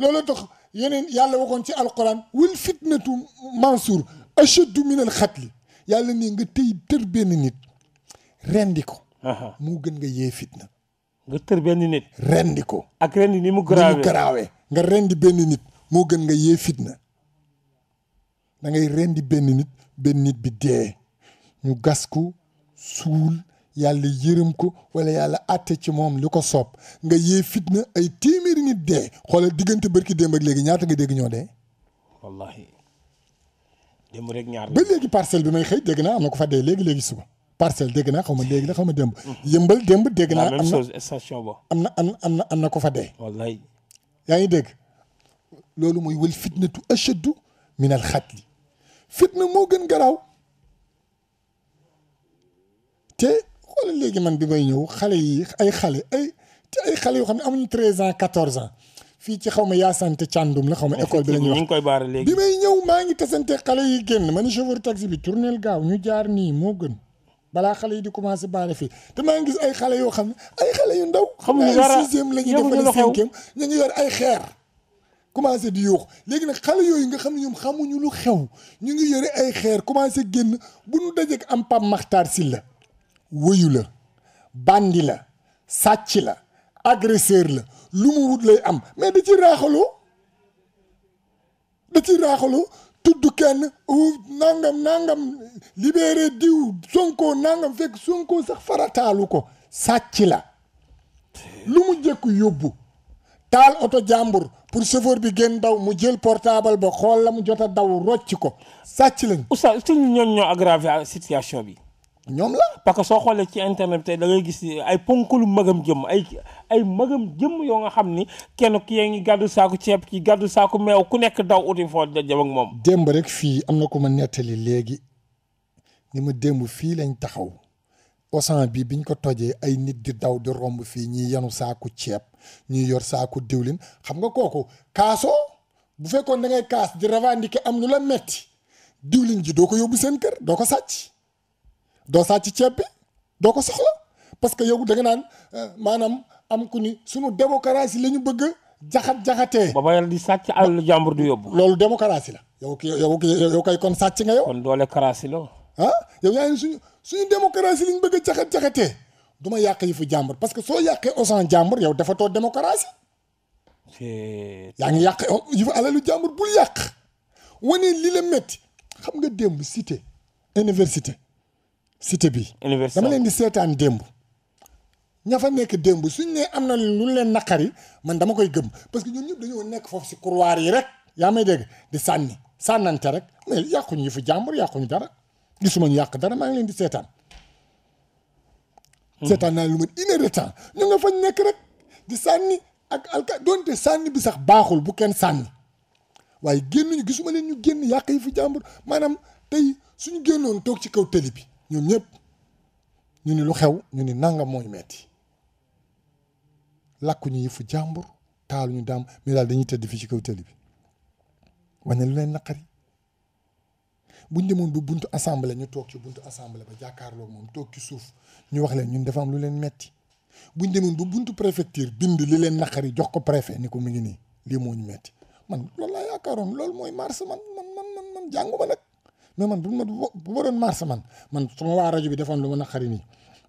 loolu tax yeneen yàlla waxoon ci alxuraan wil fitnatu mansour ashaddu min al xatli yàlla ne nga tëy tër benn nit rendi ko moo gën nga yee fitna nga tër benn nit rendi ko ak rendi ni mu garaawee nga rendi benn nit moo gën nga yee fitna da ngay rendi benn nit benn nit bi dee ñu gas ko suul yàlla yërëm ko wala yàlla àtte ci moom li ko soob nga yee na ay téeméeri nit dee xoolal diggante barki démb ak léegi ñaata nga dégg ñoo dee. wallahi démb ñaar ba léegi parcelle bi may xëy dégg naa am na ko fa dee léegi léegi suba. parcelle dégg naa xaw ma léegi la xaw ma démb. Mm. yëmbal démb dégg naa. am na am na am na am na ko fa dee. yaa ngi dégg. loolu mooy wal fitnatu ashaddu min al xatli fitna moo gën garaaw te xoolal léegi man bi may ñëw xale yi ay xale ay te ay xale yoo xam ne amuñu treize ans quatorze ans fii ci xaw ma yaasante càndum la xaw ma école bi la ñuy wax bi may ñëw maa ngi tasante xale yi génn ma ni chauffeur taxi bi tournel gaaw ñu jaar nii moo gën balaa xale yi di commencé baare fii te maa ngi gis ay xale yoo xam ne ay xale yu ndaw. xamuñu dara ay sixième la ñuy defal cinquième ñu ngi yor ay xeer. commencé di yoox léegi nag xale yooyu nga xam ne ñoom xamuñu lu xew ñu ngi yore ay xeer commencé génn bu nu dajeek am Pape Makhtar Sylla wëyu la bandi la sàcc la agresseur la lu mu wut lay am mais da ci raaxaloo da ci raaxaloo tudd kenn nangam nangam libéré diw Sonko nangam fekk Sonko sax farataalu ko sàcc la lu mu jëkk yóbbu taal oto jàmbur pour chauffeur bi génn daw mu jël portaabal ba xool la mu jot a daw rocc ko sàcc lañ. oustaz est-ce que ñoo aggravé situation bi. ñoom la. parce que soo xoolee ci internet tey da ngay gis ay ponkalu magam jëmm ay ay magam jëmm yoo nga xam ni kenn ki yaa ngi gàddu saako ceeb ki gàddu saako meew ku nekk daw uti foo jëm ak moom. démb rek fii am na ko ma nettali léegi ni ma démb fii lañ taxaw. bii bi ñu ko tojee ay nit di daw di romb fii ñii yanu saaku ceeb ñuy yor saaku diwlin xam nga kooku kaasoo bu fekkoon da ngay kaas di revendiquer am lu la metti diwlin ji doo ko yóbbu seen kër doo ko sacc doo sàcc ceeb bi doo ko soxla parce que yow da nga naan euh, maanaam am ku ni sunu démocratie la ñu bëgg jaxat jaxatee. ba bayal di sàcc àll jàmbur du yóbbu. loolu démocratie la yow yow yow kay kon sàcc nga yow. kon doole karaasi la. Ah, yow yaa suñu. suñu démocratie liñ bëgg a caxat caxatee du ma yàq yi fu jàmbur parce que soo yàqee osan jàmbur yow dafa too démocratie. yaa ngi yàq yi fu alalu jàmbur bul yàq. wane li la métti xam nga démb cité université cité bi. université dama leen di seetaan démb. ña fa nekk démb suñ ne am na lu leen naqari man dama koy gëm parce que ñun ñëpp dañoo nekk foofu si couloir yi rek yaa may dégg di sànni sànnante rek mais yàquñu yi fu jàmbur yàquñu dara. gisuma ñu yàq dara maa ngi leen di seetaan. seetaan naa lu ma une heure de temps ñu nga fañ nekk rek di sànni ak alka doonte sànni bi sax baaxul bu kenn sànni waaye génn ñu gisuma leen ñu génn yàq yi fi jàmbur maanaam tey suñu génnoon toog ci kaw tëli bi ñoom ñëpp ñu ni lu xew ñu ni nangam mooy metti làkku ñu yi fu jàmbur taalu ñu daam mais daal dañuy tëdd fii ci kaw tëli bi wane lu leen naqari bu ñu demoon bu buntu assemblée ñu toog ci buntu assemblée ba jàkkaarloo moom toog ci suuf ñu wax leen ñun dafa am lu leen metti bu ñu demoon bu buntu préfecture bind li leen naqari jox ko préfet ni ko mu ngi nii lii moo ñu metti man loolu laa yaakaaroon loolu mooy mars man man man man jàngu ma nag mais man bu ma bu ma doon mars man man sama waa rajo bi defoon lu ma naqari nii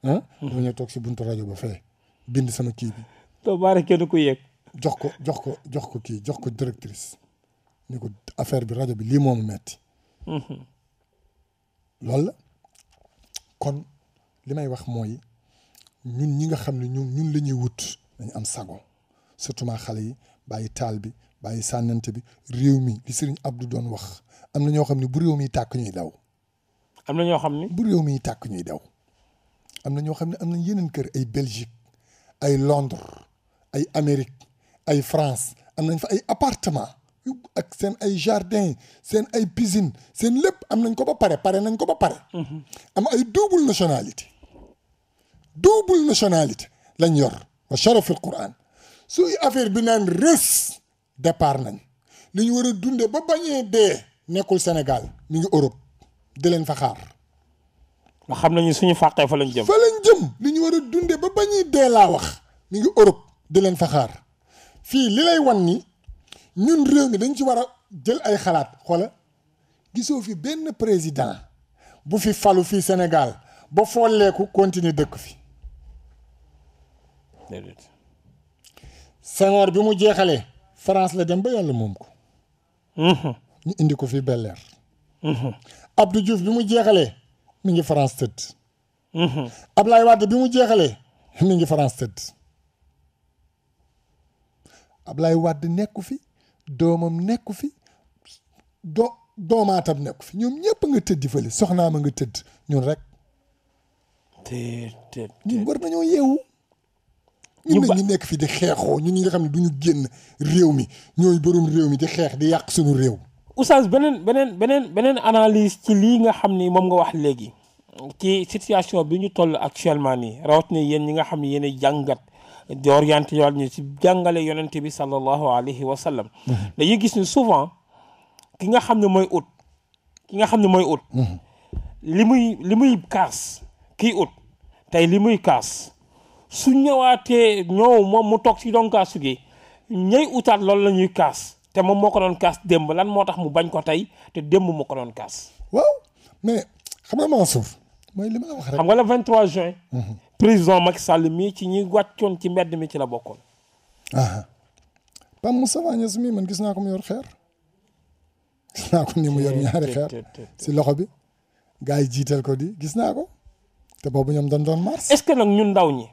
ah. dama ñëw toog si buntu rajo ba fee bind sama kii bi. doo baare kenn ku yegg. jox ko jox ko jox ko kii jox ko directrice ni ko affaire bi rajo bi lii moo ma metti loolu la kon li may wax mooy ñun ñi nga xam ne ñun ñun la ñuy wut dañu am sago surtout xale yi bàyyi taal bi bàyyi sànnante bi réew mi li Serigne Abdou doon wax am na ñoo xam ne bu réew mi tàkk ñuy daw. am na ñoo xam ne bu mi tàkk ñuy daw. am na ñoo xam ne am nañ yeneen kër ay Belgique ay Londres ay Amérique ay France am nañ fa ay appartement ak seen ay jardin seen ay piscine seen lépp am nañ ko ba pare pare nañ ko ba pare. Mhm. am ay double nationalité double nationalité lañ yor wa sharafil Qur'an suy affaire bi naan rës départ nañ li ñu war a dunde ba bañee dee nekkul Sénégal mi ngi Europe di leen fa xaar. xam nañu suñu fàqee fa lañ jëm. fa war a dunde ba bañuy laa wax mi ngi Europe di leen fa xaar fii li lay wan ni ñun réew mi dañ ci war a jël ay xalaat xoola gisoo fi benn président bu fi falu fii Sénégal ba folleeku continuer dëkk fi Senghor bi mu jeexalee France la dem ba yàlla moom ko mhm. ñu indi ko fi Bel Air mhm. Abdou bi mu jeexalee mi ngi France tëdd mhm. lay Wade bi mu jeexalee mi ngi France tëdd lay Wade nekku fi doomam nekku fi doo doomaatam nekku fi ñoom ñëpp nga tëddi fële soxnaam a nga tëdd ñun rek. te te ñun war nañoo yeewu. ñu ne nekk fi di xeexoo ñun ñi nga xam ne du ñu génn réew mi ñooy borom réew mi di xeex di yàq suñu réew. Oustaz beneen beneen beneen beneen analyse ci lii nga xam ni moom nga wax léegi. ci situation bi ñu toll actuellement nii rawat rawatina yéen ñi nga xam ne yéen jàngat. di orienté waat ñu ci jàngale yonent bi sallallahu alayhi wa sallam mhm. dañuy gis ni souvent ki nga xam ne mooy ut ki nga xam ne mooy ut mhm. li muy li muy kaas kii ut tey li muy kaas su ñëwaatee ñëw moom mu toog ci doon kaasu gi ñay utaat loolu la ñuy kaas te moom moo ko doon kaas démb lan moo tax mu bañ ko tey te démb mu ko doon kaas waaw mais xam nga Mansour mooy la wax rek juin mhm. président mag sàll mii ci ñi wàccoon ci mbedd mi ci la bokkoon. Ah. Pape Moustapha Niass mii man gis naa ko mu yor xeer. gis naa ko ni mu yor ñaari xeer si loxo bi. gars yi jiital ko di gis naa ko. te boobu ñoom dañ doon mars. est-ce que nag ñun ndaw ñi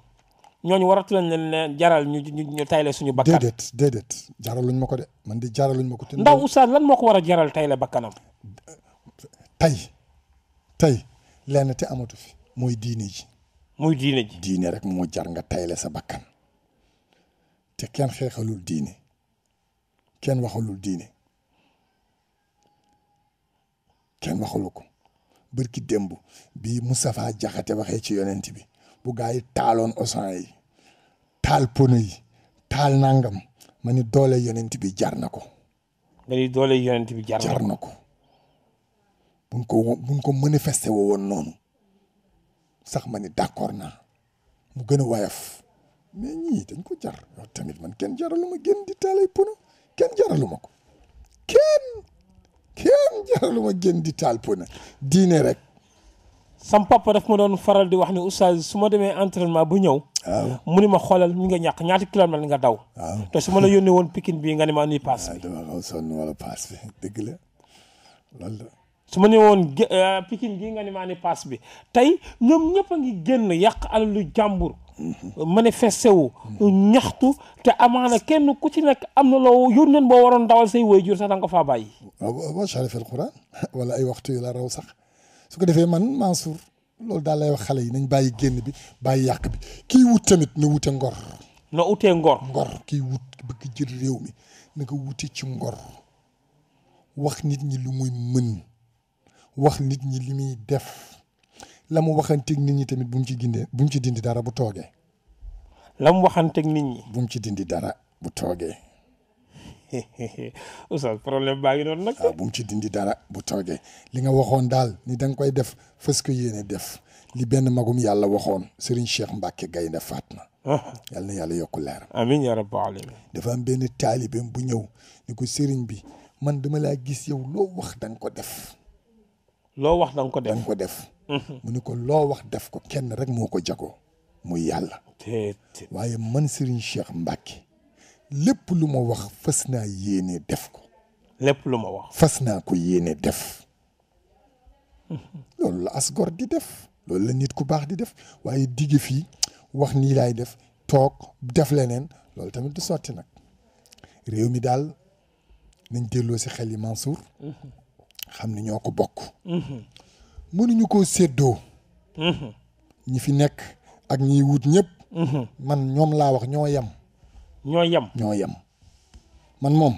ñooñu waratu lañ leen ne jaral ñu ñu ñu tayle suñu bakkan. déedéet déedéet jaraluñ ma ko de man di jaraluñ ma ko. te ndaw oustaz lan moo ko war a jaral tayle bakkanam. tey tey lenn te amatu fi mooy diine ji. muy diine ji diine rek moo jar nga tayle sa bakkan te kenn xeexalul diine kenn waxalul diine kenn waxalu ko bërki démb bi Moustapha Diakhaté waxee ci yonent bi bu gaa yi taaloon osan yi taal pono yi taal nangam ma ni doole yonent bi jar na ko nga doole yonent bi jar na ko buñ ko buñ ko manifesté woo woon noonu sax ma ni d'accord naa mu gën a wayaf mais ñii dañ ko jar yow tamit man kenn jaralu ma génn di taalay pono kenn jaralu ma ko kenn kenn génn di taal pono diine rek. sam papa daf ma doon faral di wax ni oustaz su ma demee entraînement bu ñëw. waaw mu ni ma xoolal ñu nga ñàkk ñaati kilomètre nga daw. te su ma la yónnee woon pikin bii nga ni ma nuy paas bi. Ah, dëgg la. su ma nee ñëwoon euh, pikin gi nga ni maa ni paas bi tey ñoom ñëpp a ngi génn yàq alalu jàmbur mm-hmm. manifesté wu mm-hmm. ñaxtu te amaana kenn ku ci nekk am na loo yónneen boo waroon dawal say waajur sax da nga ko faa bàyyi waaw sharif al quran wala ay waxtu yu la raw sax su ko defee man Mansour loolu daal lay wax xale yi nañ bàyyi génn bi bàyyi yàq bi kii wut tamit na wute ngor na utee ngor ngor kii wut bëgg jël réew mi na ko wute ci ngor wax nit ñi lu muy mën wax nit ñi li muy def la mu waxanteeg nit ñi tamit bu mu ci gindee bu ci dindi dara bu toogee. la mu waxanteeg nit ñi. bu mu ci dindi dara bu toogee. oustaz problème baa ngi noonu nag. waaw ah, bu mu ci dindi dara bu toogee li nga waxoon daal ni danga koy def fës ko yéene def li benn magum yàlla waxoon Serigne Cheikh Mbacke Gaynde Fatma. yàlla na yàlla yokk leer. amiin yaa dafa am benn taalibeem bu ñëw ni ko Serigne bi man dama laa gis yow loo wax danga nga ko def. loo wax danga ko def danga mhm. def. mu ne ko loo wax def ko kenn rek moo ko jagoo muy yàlla. waaye man Serigne Cheikh Mbacke lépp lu ma wax fas naa yéene def ko. lépp lu ma wax. fas naa ko yéene def. Mhm. loolu la asgor di def. loolu la nit ku baax di def waaye digg fi wax nii laay def toog def leneen loolu tamit du sotti nag réew mi daal nañ delloo si xel yi Mansour. Mhm. xam ne ñoo ko bokk mm-hmm. mënuñu koo séddoo mm-hmm. ñi fi nekk ak ñiy wut ñëpp mm-hmm. man ñoom laa wax ñoo yem ñoo yem ñoo yem man moom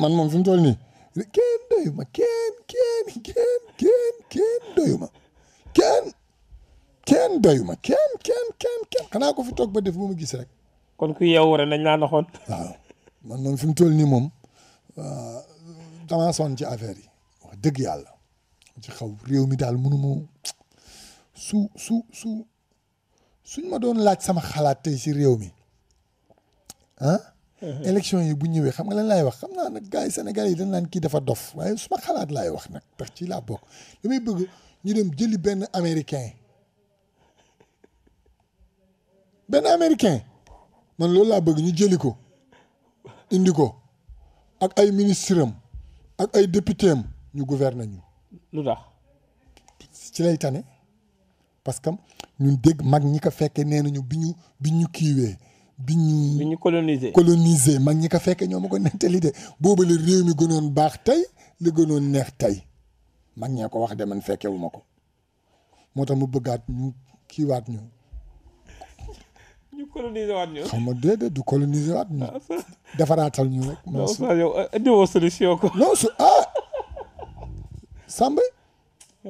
man moom fi mu toll nii kenn doyu ma kenn kenn kenn xanaa ko fi toog ba ma gis rek kon ku laa naxoon waaw man moom fi toll nii moom euh, dama sonn ci affaire yi wax dëgg yàlla ci xaw réew mi daal mënu ma su su su suñ ma doon laaj sama xalaat tey si réew mi ah. Mhm. élection yi bu ñëwee xam nga lan laay wax xam naa nag gars yi Sénégal yi dañ naan kii dafa dof waaye ma xalaat laay wax nag ndax ci laa bokk damay bëgg ñu dem jëli benn américain benn americain man loolu laa bëgg ñu jëli ko indi ko ak ay ministre ak ay député ñu gouverner ñu. lu tax. ci lay tane parce que ñun dégg mag ñi ko fekkee nee nañu bi ñu bi ñu kiiwee. bi ñu bi ñu colonisé colonisé mag ñi ko fekkee ñoo ma ko nettali de boobu la réew mi gënoon baax tey li gënoon neex tey mag ñee ko wax de man fekkewu ma ko moo tax mu bëggaat ñu kiiwaat ñu. ñu coloniser waat ñu. xam nga déedéet du coloniser waat ñu. Ah, defaraatal ñu rek. non su ah. Samba.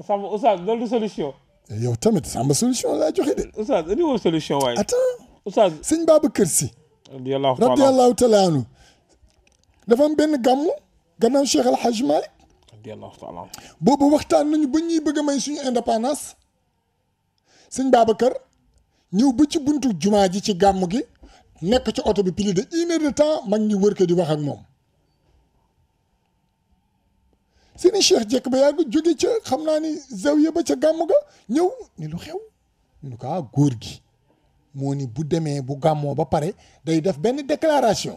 Samba Oustaz loolu du solution. yow tamit Samba solution laa joxe de. Oustaz indi woo solution waaye. attends Oustaz sëñ Babacar Si. radiyallahu taala anhu dafa am benn gàmmu gannaaw Cheikh El Hadj Malick. radiyallahu taala boobu waxtaan nañu ba ñuy bëgg a may suñu indépendance. sëñ kër ñëw ba ci buntu jumaa ji ci gàmm gi nekk ci oto bi plus de une heure de temps mag ñi wër ko di wax ak moom. Serigne Cheikh jekk ba yàgg jóge ca xam naa ni zawiya ba ca gàmmu ga ñëw ni lu xew ñu ne ko ah góor gi moo ni bu demee bu gàmmoo ba pare day def benn déclaration.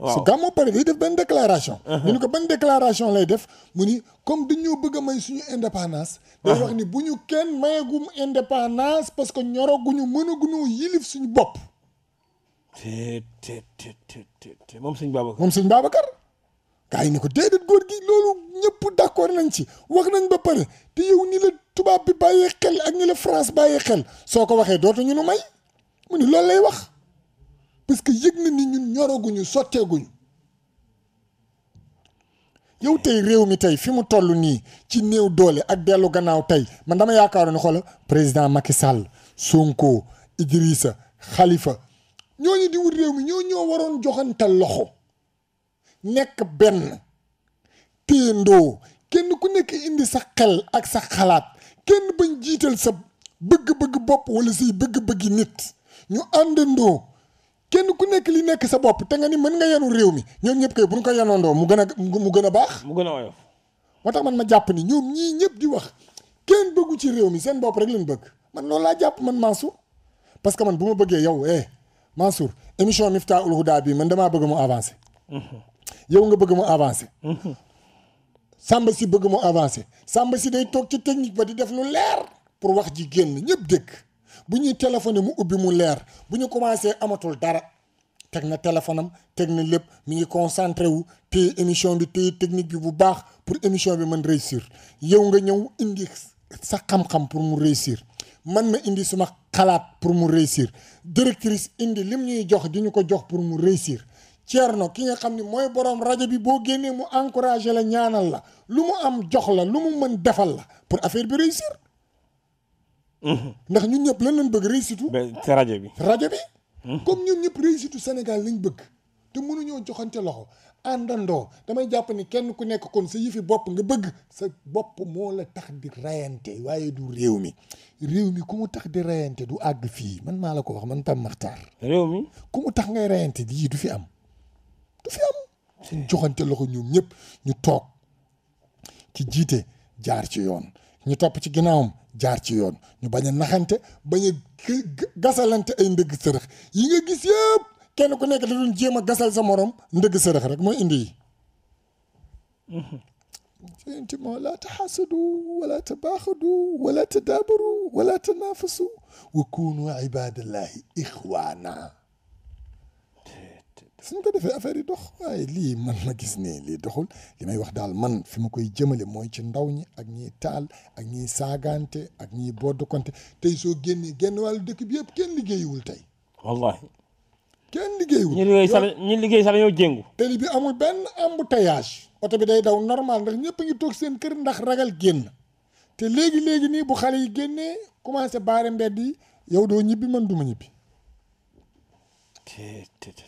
waaw su gàmmoo pare day def benn déclaration. Uh-huh. ñu ne ko lay def mu ni comme dañoo bëgg a may suñu indépendance. day uh-huh. wax ni bu ñu kenn mayagum indépendance parce que ñoroguñu mënaguñu yilif suñu bopp. te te te te moom suñu Babacar moom sëñ Babacar. gars yi ni ko déedéet góor gi loolu ñëpp d'accord nañ ci wax nañ ba pare te yow ni la tubaab bi bàyyee xel ak ni la France bàyyee xel soo ko waxee dootu ñu nu may mu ni loolu lay wax parce que yëg na ni ñun ñoroguñu sotteeguñu yow tey réew mi tey fi mu toll nii ci néew doole ak dellu gannaaw tey man dama yaakaaroon ni xoola président Macky Sall Sonko Idrissa Khalifa ñooñu di réew mi ñoo ñoo waroon joxantal loxo nekk benn téendoo kenn ku nekk indi sa xel ak sa xalaat kenn bañ jiital sa bëgg-bëgg bopp wala si bëgg-bëggi nit ñu àndandoo kenn ku nekk li nekk sa bopp te nga ni mën nga yenu réew mi ñoom ñëpp kay bu ñu ko yenoondoo mu gën a mu gën a baax. mu gën a woyof moo tax man ma jàpp ni ñoom ñii ñëpp di wax kenn bëggu ci réew mi seen bopp rek lañ bëgg man loolu laa jàpp man Mansour parce que man bu ma bëggee yow eh Mansour émission Miftahoul Houda bi man damaa bëgg mu avancer. Mhm. yow nga bëgg mu avancer. Samba si bëgg mu avancer sàmba si day toog ci technique ba di def lu leer pour wax ji génn ñëpp dégg bu ñuy téléphoné mu ubbi mu leer bu ñu commencé amatul dara teg na téléphone am teg na lépp mi ngi concentré wu téye émission bi téye technique bi bu baax pour émission bi mën réussir yow nga ñëw indi sa xam-xam pour mu réussir man ma indi suma xalaat pour mu réussir directrice indi lim ñuy jox di ñu ko jox pour mu réussir Thierno ki nga xam ni mooy boroom rajo bi boo génnee mu encouragé la ñaanal la lu mu am jox la lu mu mën defal la pour affaire bi réussir. Mhm. ndax ñun ñëpp lan lañ bëgg réussitu. ci rajo bi rajo bi. Mhm. comme ñun ñëpp réussitu Sénégal lañ bëgg te mënuñoo joxante loxo àndandoo damay jàpp ni kenn ku nekk kon sa yëfi bopp nga bëgg sa bopp moo la tax di rayante waaye du réew mi réew mi ku mu tax di rayante du àgg fii man maa la ko wax man Pape Makhtar. réew mi ku mu tax ngay rayante yii du fi am. du fi am suñ joxante loxo ñoom ñëpp ñu toog ci jiite jaar ci yoon ñu topp ci ginnaawam jaar ci yoon ñu bañ a naxante bañ gasalante ay ndëgg sërëx yi nga gis yëpp kenn ku nekk da doon jéem a gasal sa moroom ndëgg sërëx rek mooy indi yi senti moo laa taxaasadu wala tabaaxadu wala tadaabaru wala tanaafasu wa kunu ibadallahi ixwaana suñ ko defee affaire yi dox waaye lii man ma gis nii lii doxul li may wax daal man fi ma koy jëmale mooy ci ndaw ñi ak ñii taal ak ñii saagaante ak ñii bodd konte tey soo génnee génn wàllu dëkk bi yëpp kenn liggéeyiwul tey. wallahi kenn liggéeyiwul. ñi liggéey sax ñi liggéey sax ñoo jéngu. tey bi amul benn embouteillage. oto bi day daw normal ndax ñëpp a ngi toog seen kër ndax ragal génn te léegi léegi nii bu xale yi génnee commencé baare mbedd yi yow doo ñibbi man du ma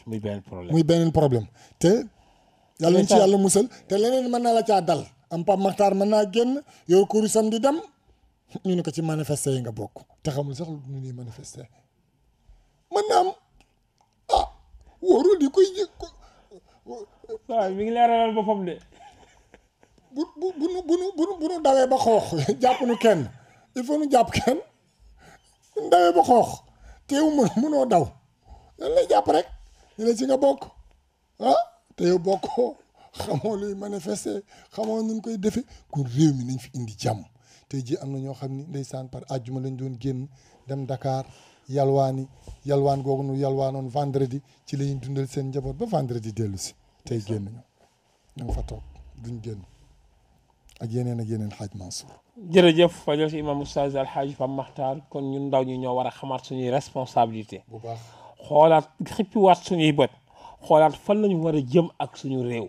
muy beneen problème beneen problème te. yàlla nañ ci yàlla musal te leneen mën naa la caa dal am Pape Makhtar mën naa génn yow kurisam di dem ñu ni ko ci manifester yi nga bokk te xamul sax lu ñuy manifester mën naa am ah wóorul di koy mi ngi leeralal boppam de. bu ba xoox jàpp nu kenn il faut nu jàpp kenn dawee ba xoox teew mën munoo daw. dañ lay jàpp rek ñu ne ci nga bokk ah te yow bokkoo xamoo luy manifester xamoo nuñ koy defe kon réew mi nañ fi indi jàmm tey jii am na ñoo xam ni ndeysaan par àjjuma lañ doon génn dem Dakar yalwaani yalwaan googu nu yalwaanoon vendredi ci lañuy dundal seen njaboot ba vendredi dellu si tey génn ñu danga fa toog duñ génn ak yeneen ak yeneen xaaj Mansour jërëjëf fajal si imam oustaz alxaaj Pape Makhtar kon ñun ndaw ñi ñoo war a xamaat suñuy responsabilité bu baax xoolaat xippiwaat suñuy bët xoolaat fan lañu war a jëm ak suñu réew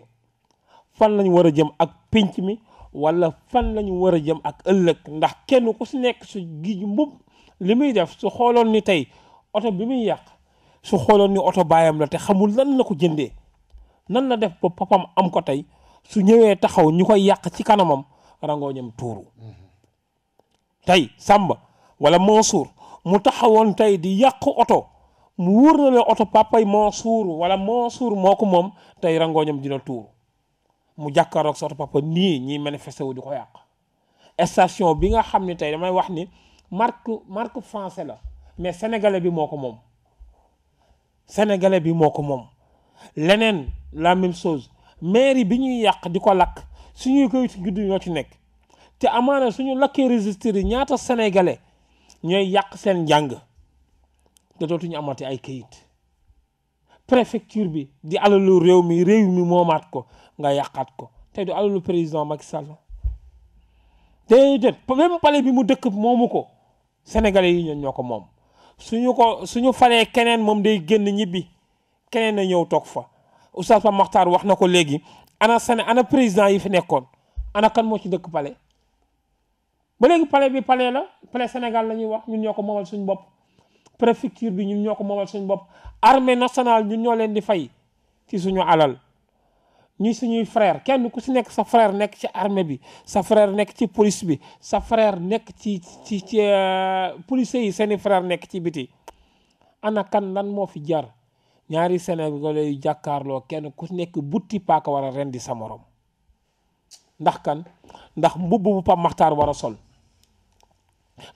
fan lañu war a jëm ak pénc mi wala fan lañu war a jëm ak ëllëg ndax kenn ku si nekk su gij mbub li muy def su xooloon ni tey oto bi muy yàq su xooloon ni oto baayam la te xamul lan la ko jëndee nan la def ba papam am ko tey su ñëwee taxaw ñu koy yàq ci kanamam rangoo ñam tuuru mm-hmm. tey sàmba wala Mansour mu taxawoon tey di yàq oto mu wóor na leen oto papay Mansour wala Mansour moo ko moom tey rangooñam dina tuuru mu jàkkaaroog sa oto papa nii ñiy manifesté wu di ko yàq station bi nga xam ne tey damay wax ni marque marque français la mais sénégalais bi moo ko moom sénégalais bi moo ko moom leneen la même chose mairie bi ñuy yàq di ko lakk suñuy kayitu juddu ñoo ci nekk te amaana suñu lakkee registre yi ñaata sénégalais ñooy yàq seen njàng da dootuñu amati ay kayit préfecture bi di alalu réew mi réew mi moomaat ko nga yàqaat ko te du alalu président Macky Sall déedéet même palais bi mu dëkk moomu ko sénégalais yi ñoom ñoo ko moom suñu ko suñu falee keneen moom day génn ñibbi keneen na ñëw toog fa Oustaz Pape Makhtar wax na ko léegi ana sene ana président yi fi nekkoon ana kan moo ci dëkk palais ba léegi palais bi palais la palais Sénégal la ñuy wax ñun ñoo ko moomal suñu bopp préfecture bi ñun ñoo ko moomal suñu bopp armée nationale ñun ñoo leen di fay ci suñu alal ñi suñuy frère kenn ku si nekk sa frère nekk ci armée bi sa frère nekk ci police bi sa frère nekk ci ci ci euh, policiers yi seeni frère nekk ci biti ana kan lan moo fi jar ñaari sénégalais jàkkaarloo kenn ku nekk butti paaka war a rendi sa moroom ndax kan ndax mbubb bu Pape Makhtar war a sol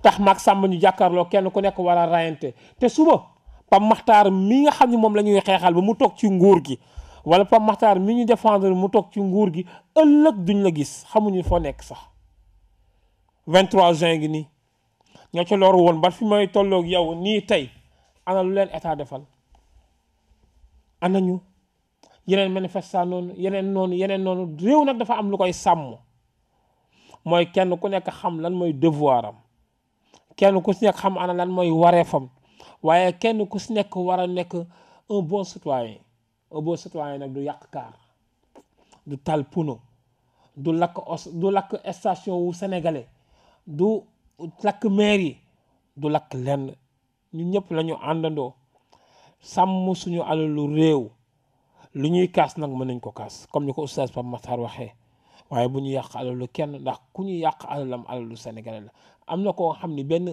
tax mag sàmm ñu jàkkaarloo kenn ku nekk war a rayante te suba pam maxtar mii nga xam ne moom lañuy ñuy xeexal ba mu toog ci nguur gi wala Pape Makhtar mi ñu défendre mu toog ci nguur gi ëllëg duñ la gis xamuñu foo nekk sax 23 juin gi nii ñoo ci loro woon ba fi may tolloog yow nii tey ana lu leen état defal ana ñu yeneen manifestant noonu yeneen noonu yeneen noonu réew nag dafa am lu koy sàmm mooy kenn ku nekk xam lan mooy devoiram kenn ku si nekk xam ana lan mooy fam waaye kenn ku si nekk war a nekk un bon citoyen un bon citoyen nag du yàq kaar du tal puno du lakk os du lakk station wu sénégalais du lakk maire yi du lakk lenn ñun ñëpp lañu àndandoo sàmm suñu lu réew lu ñuy kaas nag mën nañ ko kaas comme ni ko oustaz Pape Matar waxee waaye bu ñu yàq alalu kenn ndax ku ñu yàq alalam alalu sénégalais la am na koo xam ni benn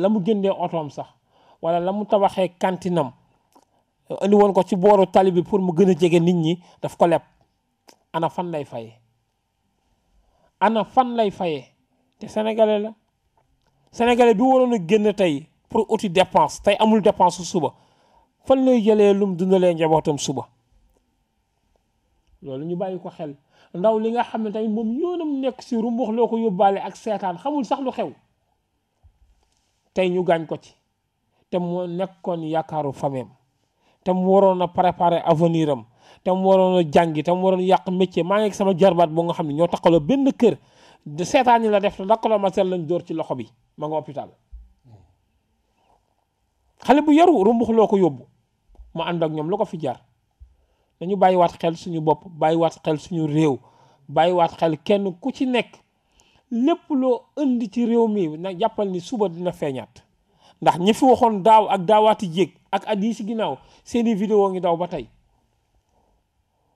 la mu jëndee otoom sax wala la mu tabaxee kantinam andi woon ko ci booru tali bi pour mu gën a jege nit ñi daf ko leb ana fan lay fayee ana fan lay fayee te sénégalais la sénégalais bi waroon a génn tey pour uti dépense tey amul depanse su suba fan lay jëlee lum dundalee njabootam suba loolu ñu bàyyi ko xel ndaw li nga xam ne tamit moom mu nekk si rumbux loo ko yóbbaale ak seetaan xamul sax lu xew tey ñu gaañ ko ci te moo nekkoon yaakaaru fameem te mu waroon a préparer avenir am te mu waroon a jàngi te waroon yàq métier maa ngi sama jarbaat boo nga xam ne ñoo takkaloo benn kër de seetaan la def te dakkaloo ma sel lañ dóor ci loxo bi ma nga hôpital xale bu yaru rumbux loo ko yóbbu mu ànd ak ñoom lu ko fi jar dañu waat xel suñu bopp bàyyiwaat xel suñu réew bàyyi waat xel kenn ku ci nekk lépp loo indi ci réew mi na jàppal ni suba dina feeñaat ndax ñi fi waxoon daaw ak daawaati jéeg ak at yi si ginnaaw seeni vidéo ngi daw ba tey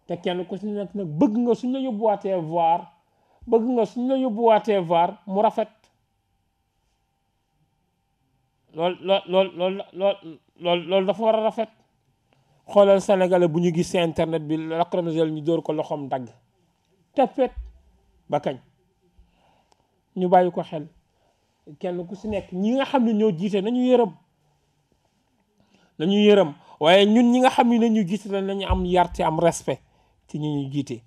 te kenn ku ci nekk nag bëgg nga suñ la yóbbuwaatee voir bëgg nga suñ la yóbbuwaatee voir mu rafet lool lool lool lool dafa war a rafet xoolal sénégalais bu ñu gis si internet bi lacrymogène ñu dóor ko loxoom dagg tefet ba kañ ñu bàyyi ko xel kenn ku si nekk ñi nga xam ne ñoo jiite nañu yërëm nañu yërëm waaye ñun ñi nga xam ne nañu jiite nañu am yarte am respect ci ñi ñu jiite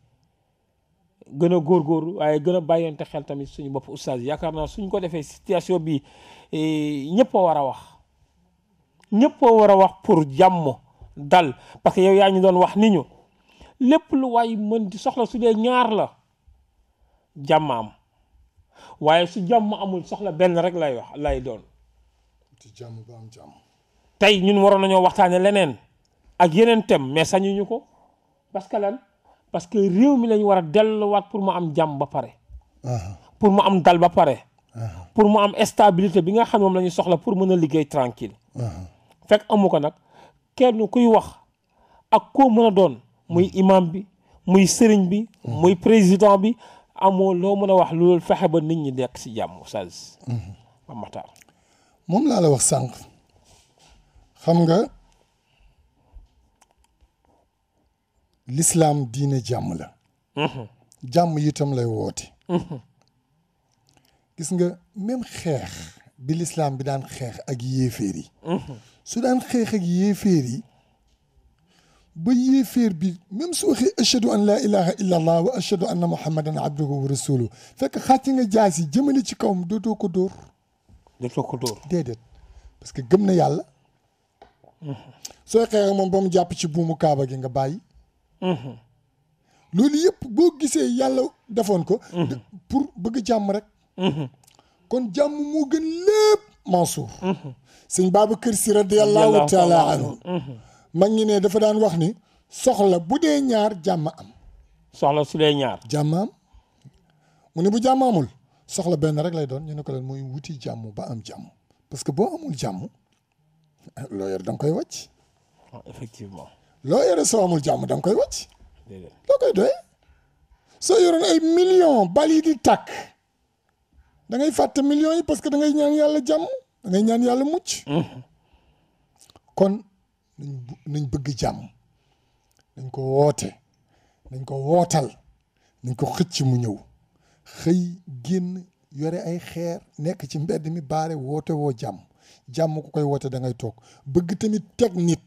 gën a góor góor waaye gën a bàyyante xel tamit suñu bopp oustaz yaakaar naa suñ ko defee situation bi eh, ñëpp a war a wax ñëpp a war a wax pour jàmm dal parce que yow yaa ñu doon wax ni ñu lépp lu waay mën di soxla su dee ñaar la jàmm am waaye su jàmm amul soxla benn rek lay wax lay doon. ci jàmm am tey ñun waroon nañoo waxtaane leneen ak yeneen tem mais sañuñu ko parce que lan parce que réew mi lañu war a delluwaat pour mu am jàmm ba pare. pour mu am dal ba pare. pour mu am stabilité bi nga xam moom la ñu soxla pour mën a liggéey tranquille fekk amu ko nag. kenn kuy wax ak koo mën a doon muy imam bi muy sëriñ bi muy président bi amoo loo mën a wax loolu fexe ba nit ñi nekk si jàmm Oustaz Mame moom laa la wax sànq xam nga lislaam diine jàmm la mhm. jàmm itam lay woote mhm. gis nga même xeex bi lislaam bi daan xeex ak yéeféer yi mhm. su daan xeex ak yéeféer yi ba yéeféer bi même su waxee ashadu an laa ilaha illa allah wa ashadu anna muhammadan abduhu wa rasuluhu fekk xàcci nga jaas yi jëmale ci kaw dootoo ko dóor déedéet parce que gëm na yàlla sooy xeex ak ba mu jàpp ci buumu kaaba gi nga bàyyi loolu yëpp boo gisee yàlla defoon ko mm-hmm. pour bëgg jàmm rek mm-hmm. kon jàmm moo gën Mansour mhm. sëñ Babacar Si radiyallahu taala anhu mhm. mag ñi ne dafa daan wax ni soxla bu dee ñaar jàmm am soxla su dee ñaar jàmm am mu ne bu jàmm amul soxla benn rek lay doon ñu ne ko leen muy wuti jàmm ba am jàmm parce que boo amul jàmm loo yore da koy wàcc ah, loo yore soo amul jàmm da koy wàcc loo koy doyee soo yoroon ay millions bal yi di tàkk da ngay fàtte millions yi parce que dangay ñaan yàlla jàmm dangay ñaan yàlla mucc kon nañ nañ bëgg jàmm nañ ko woote nañ ko wootal nañ ko xëcc mu ñëw xëy génn yore ay xeer nekk ci mbedd mi baare woote woo jàmm jàmm ku koy woote da ngay toog bëgg tamit teg nit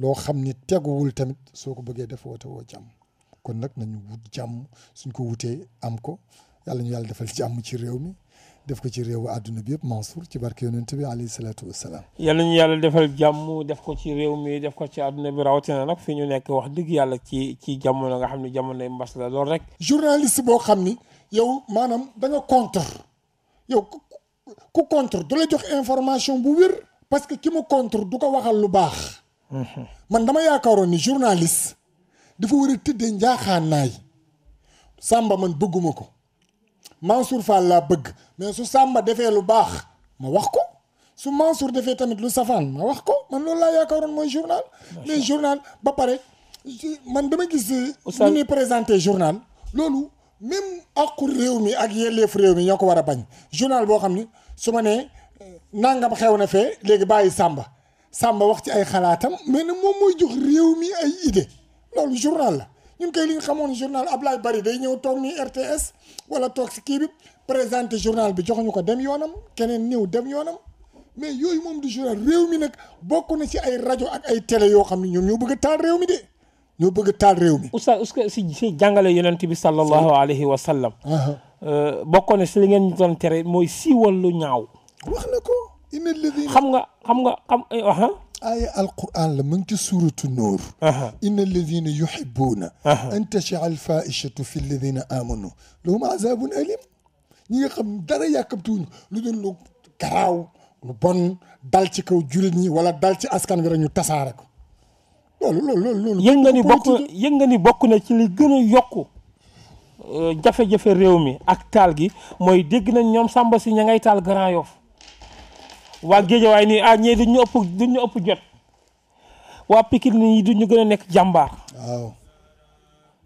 loo xam ni teguwul tamit soo ko bëggee def woote woo jàmm kon nag nañu wut jàmm suñ ko wutee am ko yàlla ñu yàlla defal jàmm ci réew mi def ko ci réewu àdduna bi yëpp Mansour ci barke yonent bi alayhi salaatu wasalaam yàlla ñu yàlla defal jàmm def ko ci réew mi def ko ci àdduna bi rawatina nag fi ñu nekk wax digg yàlla ci ci jamono nga xam ne jamonoy mbas la lool rek. journaliste boo xam ni yow maanaam da nga contre yow ku contre du la jox information bu wér. parce que ki mu contre du ko waxal lu baax. Mhm. man dama yaakaaroon ni journaliste dafa war a tëddee njaaxaan naay man bëgguma ko. Mansour Fall laa bëgg mais su sàmba defee lu baax ma wax ko su Mansour defee tamit lu safaan ma wax ko man loolu laa yaakaaroon mooy journal. mais journal ba pare man dama gis. ni ñuy présenté journal loolu. même àqu réew mi ak yelleef réew mi ñoo ko war a bañ journal boo xam ni su ma nee euh, nangam xew na fee léegi bàyyi sàmba sàmba wax ci ay xalaatam mais nag moom mooy jox réew mi ay idée loolu journal la ñun koy li ñu xamoon journal Ablaye Bari day ñëw toog ni RTS wala toog si kii bi présenté journal bi joxuñu ko dem yoonam keneen ñëw dem yoonam mais yooyu moom du journal réew mi nag bokk ci ay rajo ak ay télé yoo xam ne ñoom ñoo bëgg a taal réew mi ñoo bëgg a taal réew mi. oustaz oustaz si si jàngale yonent bi sallallahu alayhi wa sallam. Euh, bokk na si li ngeen doon tere mooy siiwal lu ñaaw. wax na ko. xam nga xam nga xam. Eh, aaya alquran la mu ngi ci suuratu nuur inna alladina yuhibbuuna an tachia alfaishatu fi alladina amanu lahum azabun alim ñi nga xam dara yàkkamtuwuñ lu dul lu garaaw lu bon dal ci kaw jullit ñi wala dal ci askan wi rek ñu tasaare ko loolu loolu loolu yëg nga ni bokk na ci li gën a yokku euh, jafe-jafe réew mi ak taal gi mooy dégg nañ ñoom sàmba si ña ngay taal Grand Yoff waa Géejawaay nii ah ñii duñ ñu ëpp duñ ñu ëpp jot waa Pikine nii duñ ñu gën a nekk jàmbaar. waaw.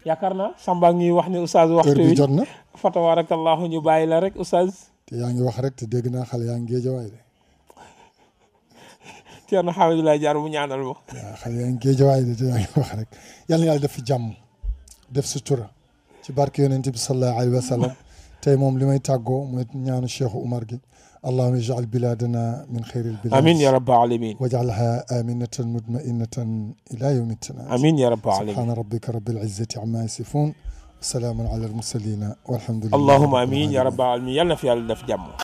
yaakaar na Samba ngi wax ne oustaz. waxtu wi jot na fa tabaarakallaahu ñu bàyyi la rek oustaz. te yaa ngi wax rek te dégg naa xale yaa ngi Géejawaay de. Thierno Hamidou laa jaar mu ñaanal ma. yal def fi jàmm def sutura ci barke yonent bi sallallahu alayhi wa sallam tey moom li may tàggoo mooy ñaanu Cheikh Umar gi. اللهم اجعل بلادنا من خير البلاد امين يا رب العالمين واجعلها امنه مطمئنه الى يوم التناد امين يا رب العالمين سبحان ربك رب العزه عما يصفون وسلام على المرسلين والحمد لله اللهم امين يا رب العالمين يلا في يلا في جمع